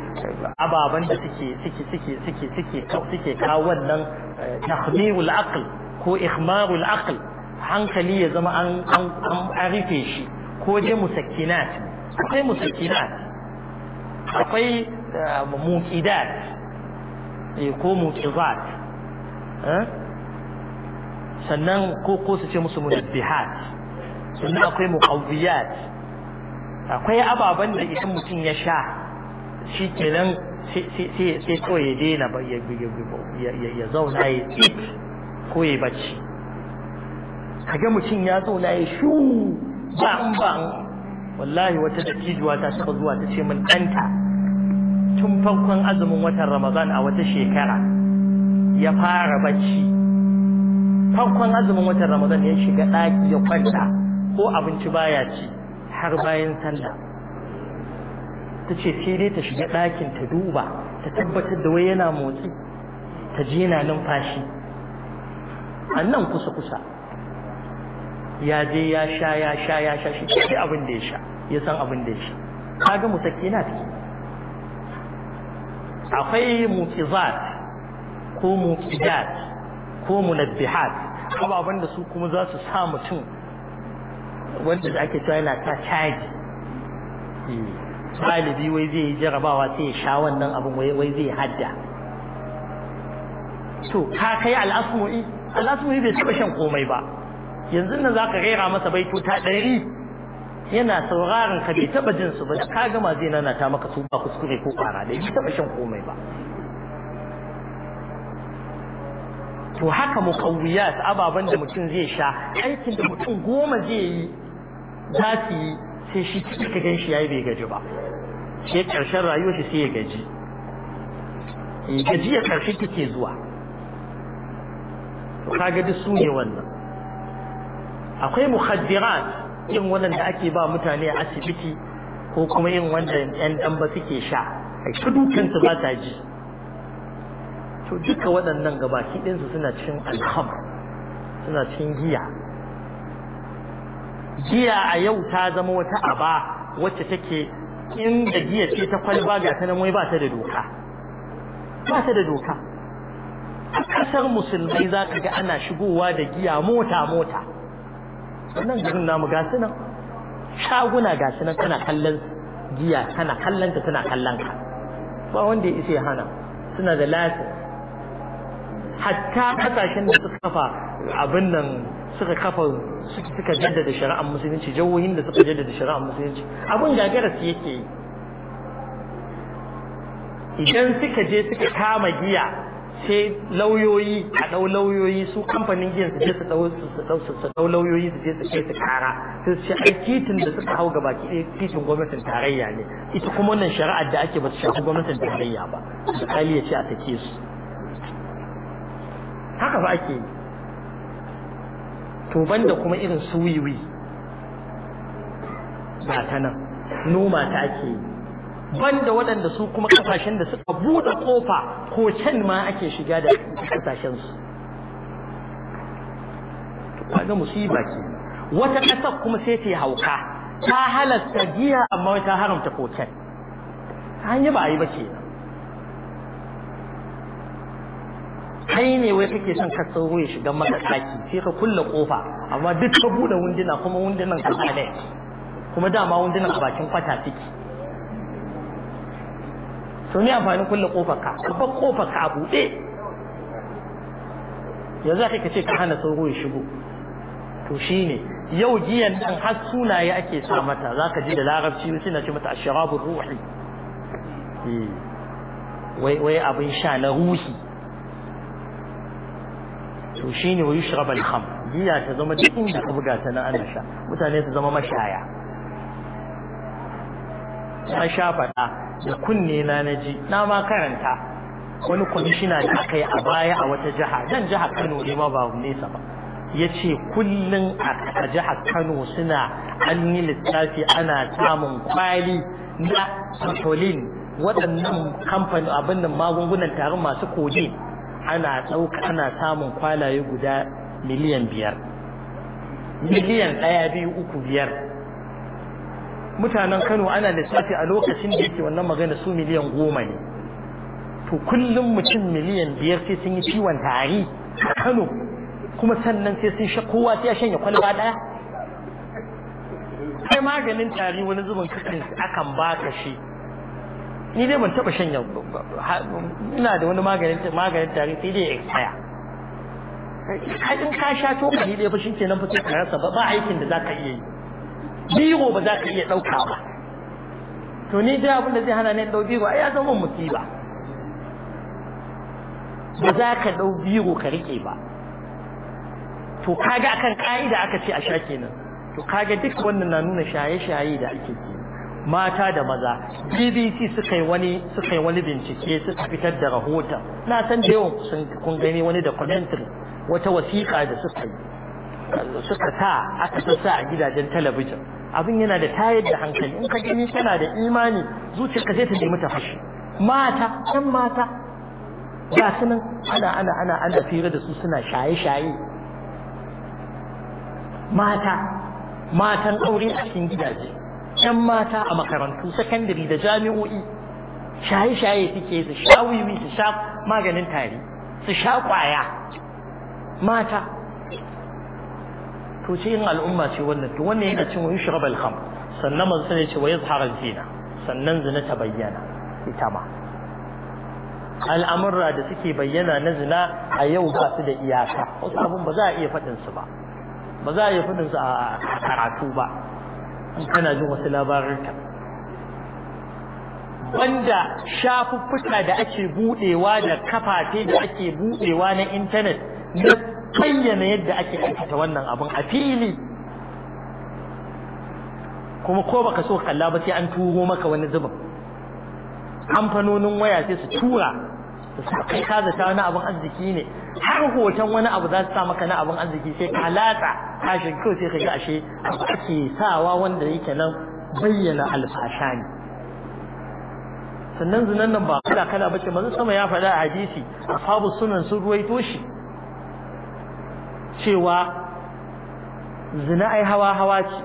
ababen da suke suke suke suke suke suke kawo wannan eh, tahmirul aql ko ihmarul aql hankali ya zama an an rufe shi ko dai musakkinat akwai musakkinat akwai eh, muqidat eh, ko muqizat eh? sannan ko ko su ce musu munabbihat sannan akwai muqawiyat akwai ababan da idan mutum ya sha shi kenan sai kawai ya daina ya zauna ya tsit ko ya bacci kaga mutum ya zauna ya shu ba an wallahi wata dattijuwa ta saka zuwa ta ce min tun farkon azumin watan ramadan a wata shekara ya fara bacci farkon azumin watan ramadan ya shiga ɗaki ya kwanta ko abinci baya ci har bayan sallah ta ce sai dai ta shiga ɗakin ta duba ta tabbatar da wai yana motsi ta ji yana numfashi a nan kusa kusa ya je ya sha ya sha ya sha shi abin da ya sha ya san abin da ya sha ka ga kaga musakina take akwai mukizat ko mukijat ko munabbihat ababen da su kuma za su sa mutum wanda da ake cewa yana ta caji ɗalibi wai zai yi jarabawa sai ya sha wannan abin wai zai hadda to ka kai al'asmu'i al'asmu'i bai taɓa shan komai ba yanzu nan za ka rera masa baito ta ɗari yana sauraron ka bai taba jin su ba da ka gama zai nana ta maka su ba kuskure ko kara da bai taba shan komai ba to haka muqawiyat ababan da mutum zai sha aikin da mutum goma zai yi za su yi sai shi ka gan shi yayi bai gaji ba sai karshen rayuwar shi sai ya gaji eh, gaji ya karshe take zuwa to kaga duk su ne wannan akwai mukhaddirat yin waɗanda ake ba mutane a asibiti ko kuma yin wanda yan ba suke sha a dukkan dukansu ba ta ji to duka waɗannan gabaki ɗinsu suna cikin alham suna cikin giya giya a yau ta zama wata aba wacce take inda giya ce ta kwalba ga ta nan wai ba ta da doka ba ta da doka a ƙasar musulmai za ka ga ana shigowa da giya mota mota sannan garin namu ga shaguna ga su kana kallon giya tana kallon ta tana kallon ka ba wanda ya isa ya hana suna da lati hatta kasashen da suka kafa abin nan suka kafa suka suka jaddada shari'ar musulunci jawohin da suka jaddada shari'ar musulunci abin gagara su yake yi idan suka je suka kama giya sai lauyoyi a ɗau lauyoyi su kamfanin giyan su je su ɗau su ɗau lauyoyi su je su kai su kara su ce ai titin da suka hau gaba ɗaya titin gwamnatin tarayya ne ita kuma wannan shari'ar da ake ba su shafi gwamnatin tarayya ba misali ya ce a take su haka ba ake yi to da kuma irin su wiwi ba ta nan noma ta ake yi banda waɗanda su kuma kasashen da suka buɗe kofa ko can ma ake shiga da kasashen su kaga musiba ke wata ƙasar kuma sai ta hauka ta halasta giya amma ta haramta an yi ba a ba ke kai ne wai kake son ka sauro ya shiga maka ɗaki sai ka kulle kofa amma duk ka buɗe wundina kuma wundunan ka kuma dama wundunan a bakin kwata suke to ne amfanin kulle kofar ka bar kofar ka a buɗe yanzu kai ka ce ka hana sauro ya shigo to shi ne yau giyan nan har sunaye ake sa mata ka ji da larabci suna ce mata ashrabur ruhi eh, wai wai abin sha na ruhi to shine wai yushrab al-kham giya ta zama duk inda ka buga ta na ana sha mutane su zama mashaya na sha faɗa da kunne na naji na ma karanta wani kwamishina da aka yi a baya a wata jiha nan jihar Kano ne ma ba nesa ba ya ce kullum a jihar Kano suna an yi littafi ana samun kwali na Sotolin waɗannan kamfanin abin nan magungunan tarin masu kodin ana ɗauka ana samun kwalaye guda miliyan biyar miliyan ɗaya biyu uku biyar mutanen Kano ana lissafi a lokacin da yake wannan magana su miliyan goma ne to kullum mutum miliyan biyar sai sun yi ciwon tari a Kano kuma sannan sai sun sha kowa sai ya shanya kwalba daya kai maganin tari wani zubin kakan akan baka shi ni dai ban taba shanya ina da wani maganin maganin tari sai dai expire kai in ka sha to kai dai fa shikenan fa sai ka rasa ba ba aikin da za ka iya yi biro ba za ka iya ɗauka ba to ni dai abin da zai hana ni ɗau biro ai ya zama musiba ba za ka ɗau biro ka riƙe ba to kaga akan ka'ida aka ce a sha kenan to kaga duk wannan na nuna shaye-shaye da ake ke mata da maza bbc suka yi wani suka yi wani bincike suka fitar da rahoton na san da yawan kun gani wani da commentary wata wasiƙa da suka yi suka sa aka sassa a gidajen talabijin abin yana da tayar da hankali in ka gani kana da imani zuciyarka zai ta nemi ta fashi mata kan mata ba su nan ana ana ana ana fira da su suna shaye-shaye mata matan aure a cikin gidaje yan mata a makarantu sakandare da jami'o'i shaye-shaye suke su sha su sha maganin tari su sha kwaya mata to ce in al'umma ce wannan to wannan yana cin wani shirabal kham sannan manzo ne ce wa yazhara zina sannan zina ta bayyana ita ma al'amurra da suke bayyana na zina a yau ba su da iyaka wasu abun ba za a iya faɗin su ba ba za a iya faɗin su a karatu ba in kana jin wasu labarinka banda shafuffuka da ake buɗewa da kafafe da ake buɗewa na intanet na bayyana yadda ake aikata wannan abin a fili kuma ko baka so kalla ba sai an turo maka wani zubin kamfanonin waya sai su tura su kai ka zata wani abin arziki ne har hoton wani abu za su sa maka na abin arziki sai ka latsa kashin kyau sai ka ga ashe ake sawa wanda yake nan bayyana alfasha ne sannan zinan nan ba kala kala bace manzo sama ya faɗa a hadisi ashabu sunan sun ruwaito shi cewa zina ai hawa hawa ce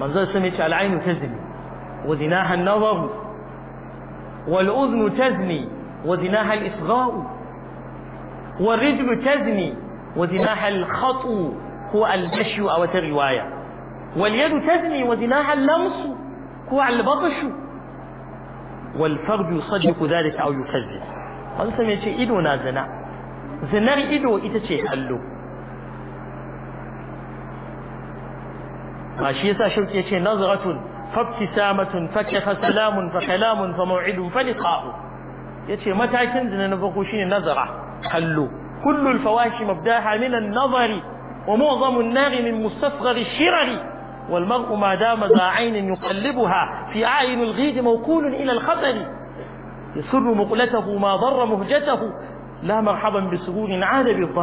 manzon sun yace al'ainu tazni wa zinaha an-nazar wal udhnu tazni wa zinaha al-isgha'u wal rijlu tazni wa zinaha al-khatu ko al-bashu a wata riwaya wal yadu tazni wa zinaha al-lamsu ko al-batshu wal fardu yusaddiqu dhalika aw yukazzib manzon sun yace ido na zina zinar ido ita ce allo ma shi yasa shauki ya ce nazratun fabtisamatun fa salamun fa kalamun fa maw'idun fa liqa'u yace matakin zina na farko shine nazara allo kullu al mabda'a min an-nazari wa mu'zamu an-naghi min mustasghar ash-shirari والمرء ما دام ذا عين يقلبها في أعين الغيد موكول إلى الخطر يسر مقلته ما ضر مهجته لا مرحبا bi عاد ada duk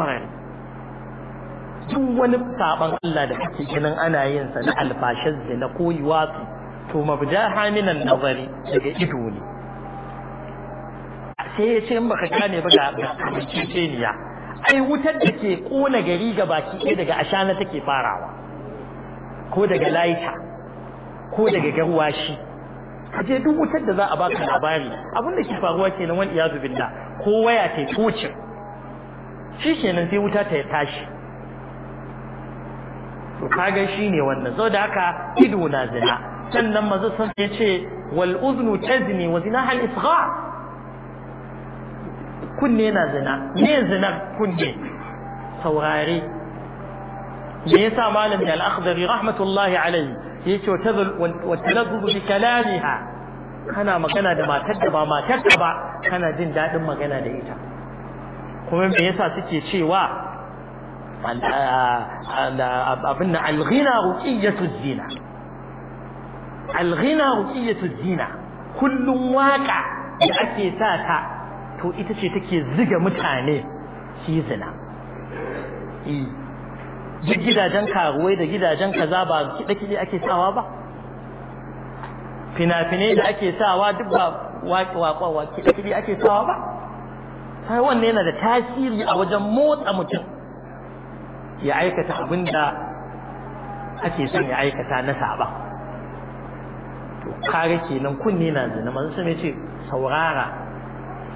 wani saban Allah da kake ganin ana yin sa na alfashin na koyi wato to mabdaha min nazari daga ido ne sai ya ce in baka gane ba ga kamanceceniya ai wutar da ke kona gari ga baki ɗaya daga ashana take farawa ko daga laita ko daga garwashi kaje duk wutar da za a baka labari abin da ke faruwa kenan wani zubin da, ko waya ta tocin shi kenan sai wuta ta tashi to kaga shine wannan so da haka ido na zina sannan manzo sun ce wal uznu tazni wa zina hal isgha kunne na zina ne zina kunne saurare me yasa malam al-akhdari rahmatullahi alayhi yake wata lazubu bi kalamiha kana magana da matar da ba matar da ba kana jin daɗin magana da ita kuma me yasa suke cewa abinna na alghina ruqiyatu zina alghina ruqiyatu zina kullum waka da ake sa ta to ita ce take ziga mutane su zina eh. duk gidajen karuwai da gidajen kaza ba kiɗe-kiɗe ake sawa ba fina-finai da ake sawa duk ba waƙwa kiɗe-kiɗe ake sawa ba sai wannan yana da tasiri a wajen motsa mutum ya aikata abin da ake son ya aikata na saba to kare kenan kunne na zina masu sun ce saurara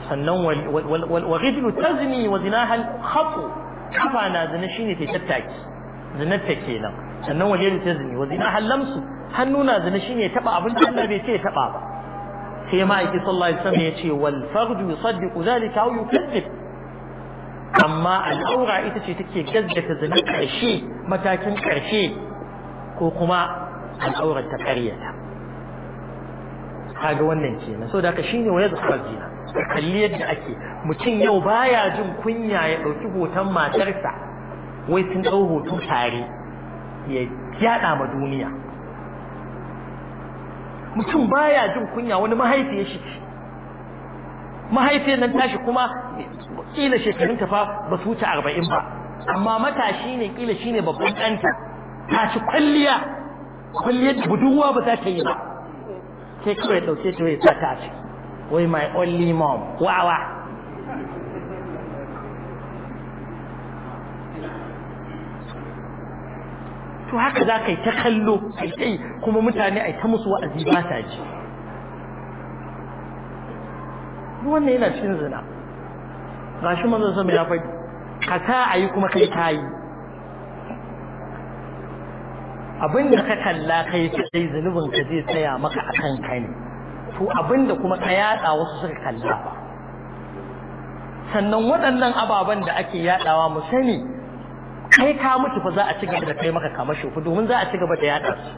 sannan wa ridu tazni wa zinahan khatu kafa na zina shine ta tattaki zinarta kenan sannan waje da ta zini wazina hallamsu hannu na zina shine taba abin da Allah bai ce taba ba sai ma'aiki sallallahu alaihi wasallam ya ce wal fardu yusaddiqu zalika aw yukazzib amma al'aura ita ce take gaggata zina karshe matakin karshe ko kuma al'aurar ta karyata kaga wannan kenan so da haka shine wa yazhar zina Da kalli yadda ake mutum yau baya jin kunya ya ɗauki hoton matarsa wai sun ɗau hoton tare ya yaɗa ma duniya mutum baya jin kunya wani mahaifiyar shi ce mahaifiyar nan tashi kuma ƙila, shekarun ta fa ba su wuce arba'in ba amma matashi ne ƙila shi ne babban ɗanta ta ci kwalliya kwalliyar budurwa ba za ta yi ba sai kawai ɗauke ta ya sa ta a ciki wai my only mom wawa to haka za ka yi ta kallo kai kuma mutane a ta musu wa'azi ba ta ji wannan yana cin zina ga shi manzon sama ya faɗi ka ta a yi kuma kai ta yi abin da ka kalla kai sai zunubin ka zai tsaya maka a kan ka ne to abinda kuma ka yada wasu suka kalla ba sannan waɗannan ababen da ake yadawa mu sani kai ka mutu fa za a ci gaba da kai maka kama shufu domin za a ci gaba da yada su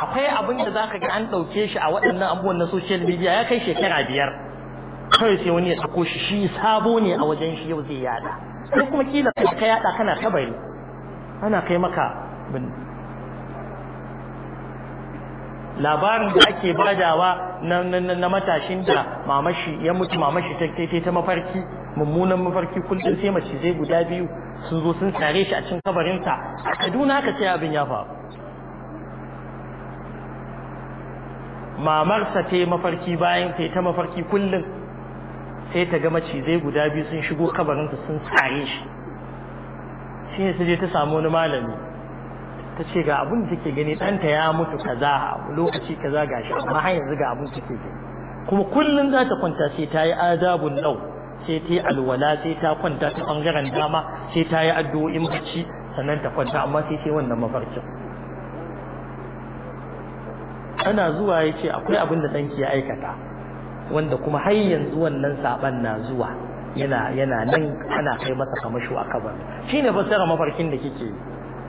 akwai abin da zaka ga an dauke shi a waɗannan abubuwan na social media ya kai shekara biyar kai sai wani ya sako shi shi sabo ne a wajen shi yau zai yada ko kuma kila kai ka yada kana kabari ana kai maka labarin da ake badawa na matashin da mamashi ya mutu mamashi ta ta mafarki mummunan mafarki kullum sai mace zai guda biyu sun zo sun tsare shi a cikin kabarinsa a Kaduna haka sai abin ya faru mamarsa ta mafarki bayan ta ta mafarki kullum sai ta ga macizai guda biyu sun shigo kabarinsa sun tsare shi shine sai ta samu wani malami ta ce ga abin da take gani ɗanta ya mutu kaza lokaci kaza gashi amma har yanzu ga abin da take gani kuma kullum za ta kwanta sai ta yi azabun nau sai ta yi alwala sai ta kwanta ta bangaren dama sai ta yi addu'o'in bacci sannan ta kwanta amma sai ta wannan mafarkin ana zuwa ya ce akwai abin da ɗanki ya aikata wanda kuma har yanzu wannan saban na zuwa yana yana nan ana kai masa kamasho a kabar shine fassara mafarkin da kike yi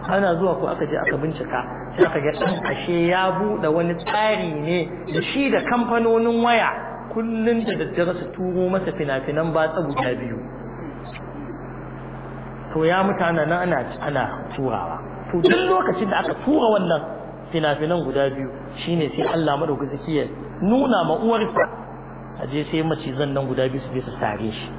ana zuwa ko aka je aka bincika sai aka ga ɗan ashe ya buɗe wani tsari ne da shi da kamfanonin waya kullum da daddare su turo masa fina-finan batsa guda biyu to ya mutane nan ana ana turawa to duk lokacin da aka tura wannan fina-finan guda biyu shine sai Allah madaukaki ya nuna ma uwarsa aje sai macizan nan guda biyu su bi su sare shi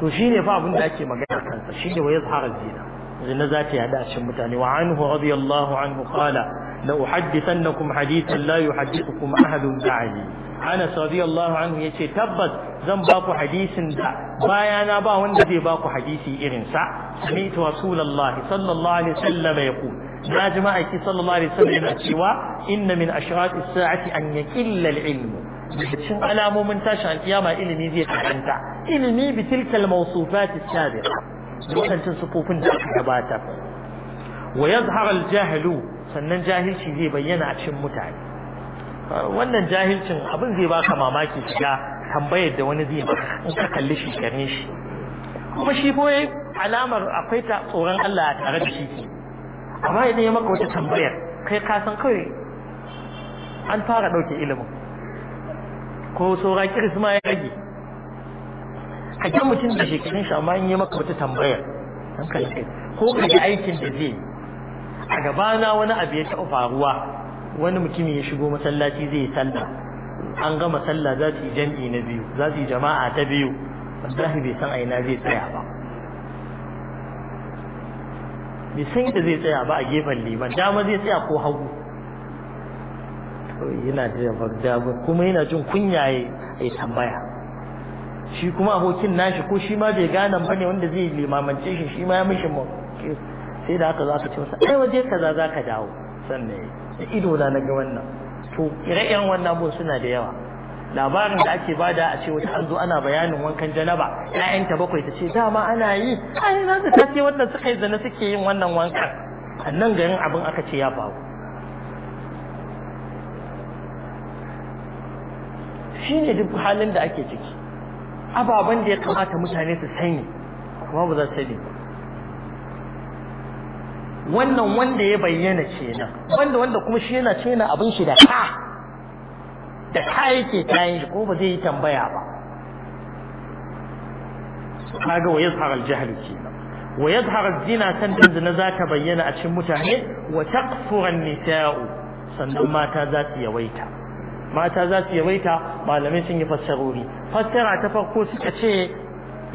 to shine fa abin da ake magana kansa shine wa yazhara zina zina za ta yada a cikin mutane wa anhu radiyallahu anhu qala la uhaddithannakum hadithan la yuhaddithukum ahadun ba'di Anas radiyallahu anhu yace tabbas zan ba ku hadisin da bayana ba wanda zai ba ku hadisi irin sa sami'tu rasulullahi sallallahu alaihi wasallam yaqul ya jama'a ki sallallahu alaihi wasallam yana cewa inna min ashrat as-sa'ati an yaqilla al-ilm cikin alamomin tashin alkiyama ilimi zai karanta ilimi bi tilkal mawsufat as-sabiqa wadancan sufufin da aka gabata wa yazhar al-jahlu sannan jahilci zai bayyana a cikin mutane wannan jahilcin abin zai baka mamaki shiga tambayar da wani zai in ka kalli shi gane shi kuma shi boye alamar akwai ta tsoron Allah a tare da shi amma idan ya maka wata tambayar kai ka san kawai an fara dauke ilimin ko saura kirisma ya rage ka ga mutum da shekarun shi amma in yi maka wata tambaya ko ka ga aikin da zai a gabana wani abu ya taɓa faruwa wani mutum ya shigo masallaci zai yi sallah an gama sallah za su yi jam'i na biyu za su yi jama'a ta biyu wallahi bai san aina zai tsaya ba bai san yadda zai tsaya ba a gefen liman dama zai tsaya ko hagu yana da kuma yana jin kunya yi tambaya shi kuma abokin nashi ko shi ma bai gane ba ne wanda zai limamance shi shi ma ya mishi mu sai da haka za ce masa waje kaza zaka dawo sannan da ido na ga wannan to ire-iren wannan abubuwan suna da yawa labarin da ake bada a ce wata an ana bayanin wankan janaba 'ya'yanta bakwai ta ce dama ana yi ai na ta ce wannan suka yi zana suke yin wannan wankan annan garin abin aka ce ya Shi ne duk halin da ake ciki ababen da ya kamata mutane su sani kuma ba za su sani wannan wanda ya bayyana kenan wanda wanda kuma shi yana cena abin shi da ka da ka yake tayin shi ko ba zai yi tambaya ba kaga wayar yazhar jihar jahl kenan wa yazhar az-zina san zina za ta bayyana a cikin mutane wa taqfura nisau sannan mata za su yawaita mata za su yawaita malamai sun yi fassarori fassara ta farko suka ce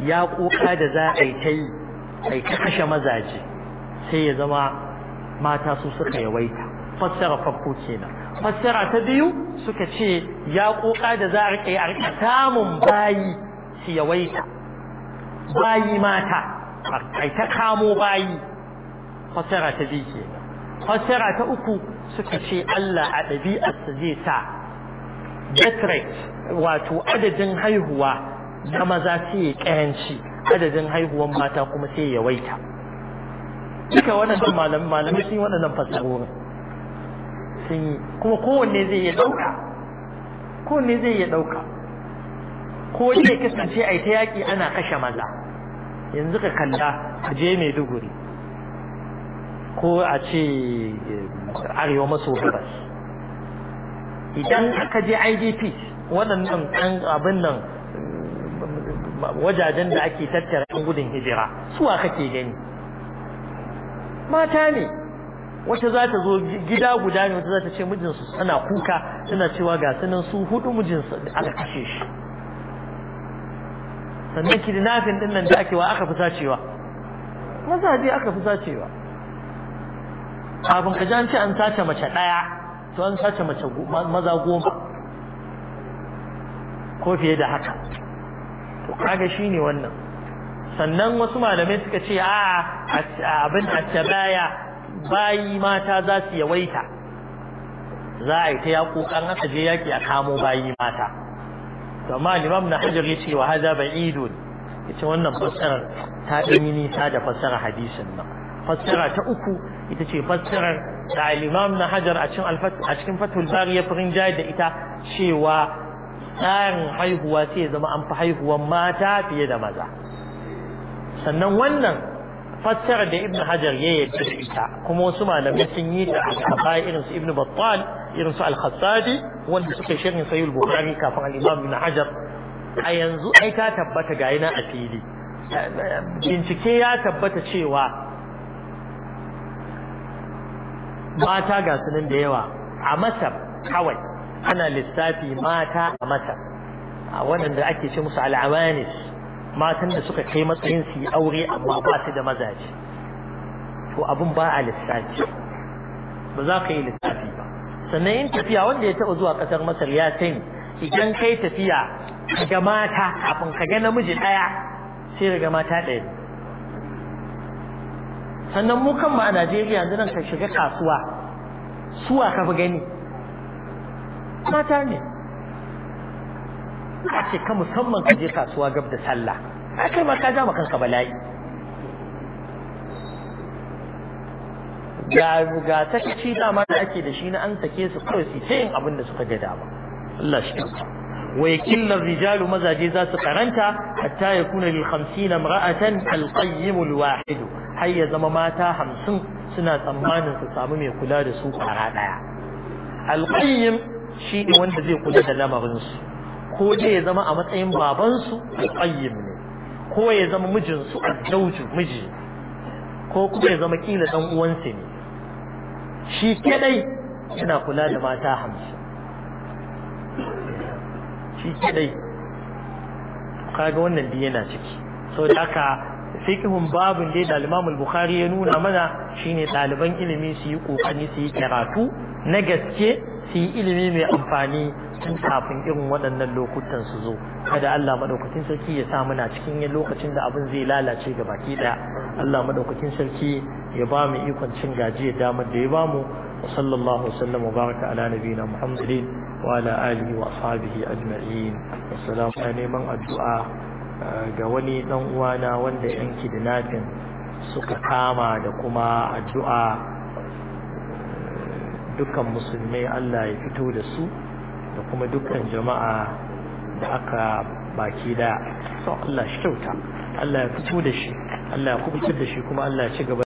ya kuka da za a yi ta yi a yi ta kashe mazaje sai ya zama mata su suka yawaita fassara farko kenan fassara ta biyu suka ce ya kuka da za a rika yi a rika samun bayi su yawaita bayi mata a ta kamo bayi fassara ta biyu kenan fassara ta uku suka ce Allah a ɗabi'arsa zai sa death rate wato adadin haihuwa na maza sai ya ƙaranci adadin haihuwan mata kuma sai ya waita duka wannan malamin, malamin sun yi waɗannan fasahohin sun yi kuma kowanne zai iya ɗauka kowanne zai iya ɗauka ko zai kasance a ta yaƙi ana kashe maza yanzu ka kalla a je mai duguri. ko a ce eh, arewa maso gabas idan aka je idp waɗannan ɗan abin nan wajajen da ake tattara ɗan gudun hijira suwa kake gani mata ne wata za ta zo gida guda ne wata za ta ce mijinsu suna kuka suna cewa ga sunan su hudu mijinsu aka kashe shi sannan kidnapping din nan da ake wa aka fi sacewa mazaje aka fi sacewa kafin ka ji an ce an sace mace ɗaya to an sace mace maza goma ko fiye da haka to kaga shine wannan sannan wasu malamai suka ce a abin a baya bayi mata za su yawaita za a yi ta yaƙo aka je yaki a kamo bayi mata amma limam na hajar ya ce wa haza bai idon ya ce wannan fassarar ta ɗanyi nisa da fassarar hadisin nan fassara ta uku ita ce fassarar da al-Imam na Hajar a cikin a Bari ya firin jayi da ita cewa tsarin haihuwa sai ya zama an fi haihuwar mata fiye da maza sannan wannan fassarar da Ibn Hajar ya yadda da ita kuma wasu malamai sun yi ta a baya irin su Ibn Battal irin su Al-Khattabi wanda suka shirin Sahih Bukhari kafin al-Imam Ibn Hajar a yanzu ai ta tabbata ga yana a fili bincike ya tabbata cewa mata ga sunan da yawa a masar kawai ana lissafi mata a masar a waɗanda ake ce musu al'amanis matan da suka kai matsayin su yi aure amma ba su da mazaje to abun ba a lissafi ba za ka yi lissafi ba sannan yin tafiya wanda ya taɓa zuwa ƙasar masar ya sani idan kai tafiya ga mata kafin ka ga namiji ɗaya sai ga mata ɗaya sannan mu kanmu a Najeriya yanzu nan ka shiga kasuwa suwa ka fi gani mata ne a ce ka musamman ka je kasuwa gab da sallah a kai ma ka ja kanka bala'i ga ga ta ci dama da ake da shi na an sake su kawai su ta yin abin da suka ga dama Allah shi ويكل الرجال مزاجي ذات قرنتا حتى يكون للخمسين امرأة القيم الواحد حي زمماتا حمسن سنة ثمان تسامم يقول رسول قرانا القيم شيء وانت زي قد دلما غنس ko dai ya zama a matsayin babansu alƙayyim ne ko ya zama mijinsu aljauju miji ko kuma ya zama kila ɗan uwansa ne shi kadai yana kula da mata hamsin shi kadai kaga wannan din yana ciki saboda haka fiqhun babun dai da Imam al-Bukhari ya nuna mana shine ɗaliban ilimi su yi kokari su yi karatu na gaske su yi ilimi mai amfani tun kafin irin waɗannan lokutan su zo kada Allah madaukakin sarki ya sa muna cikin yin lokacin da abin zai lalace gaba baki ɗaya Allah madaukakin sarki ya ba mu ikon cin gajiyar damar da ya ba mu وصلى الله وسلم وبارك على نبينا محمد وعلى آله وأصحابه أجمعين والسلام عليكم الدعاء ga wani dan uwana wanda yan kidnapping suka kama da kuma addu'a dukkan musulmai Allah ya fito da su da kuma dukkan jama'a da aka baki da so Allah shi kyauta Allah ya fito da shi Allah ya kubutar da shi kuma Allah ya ci gaba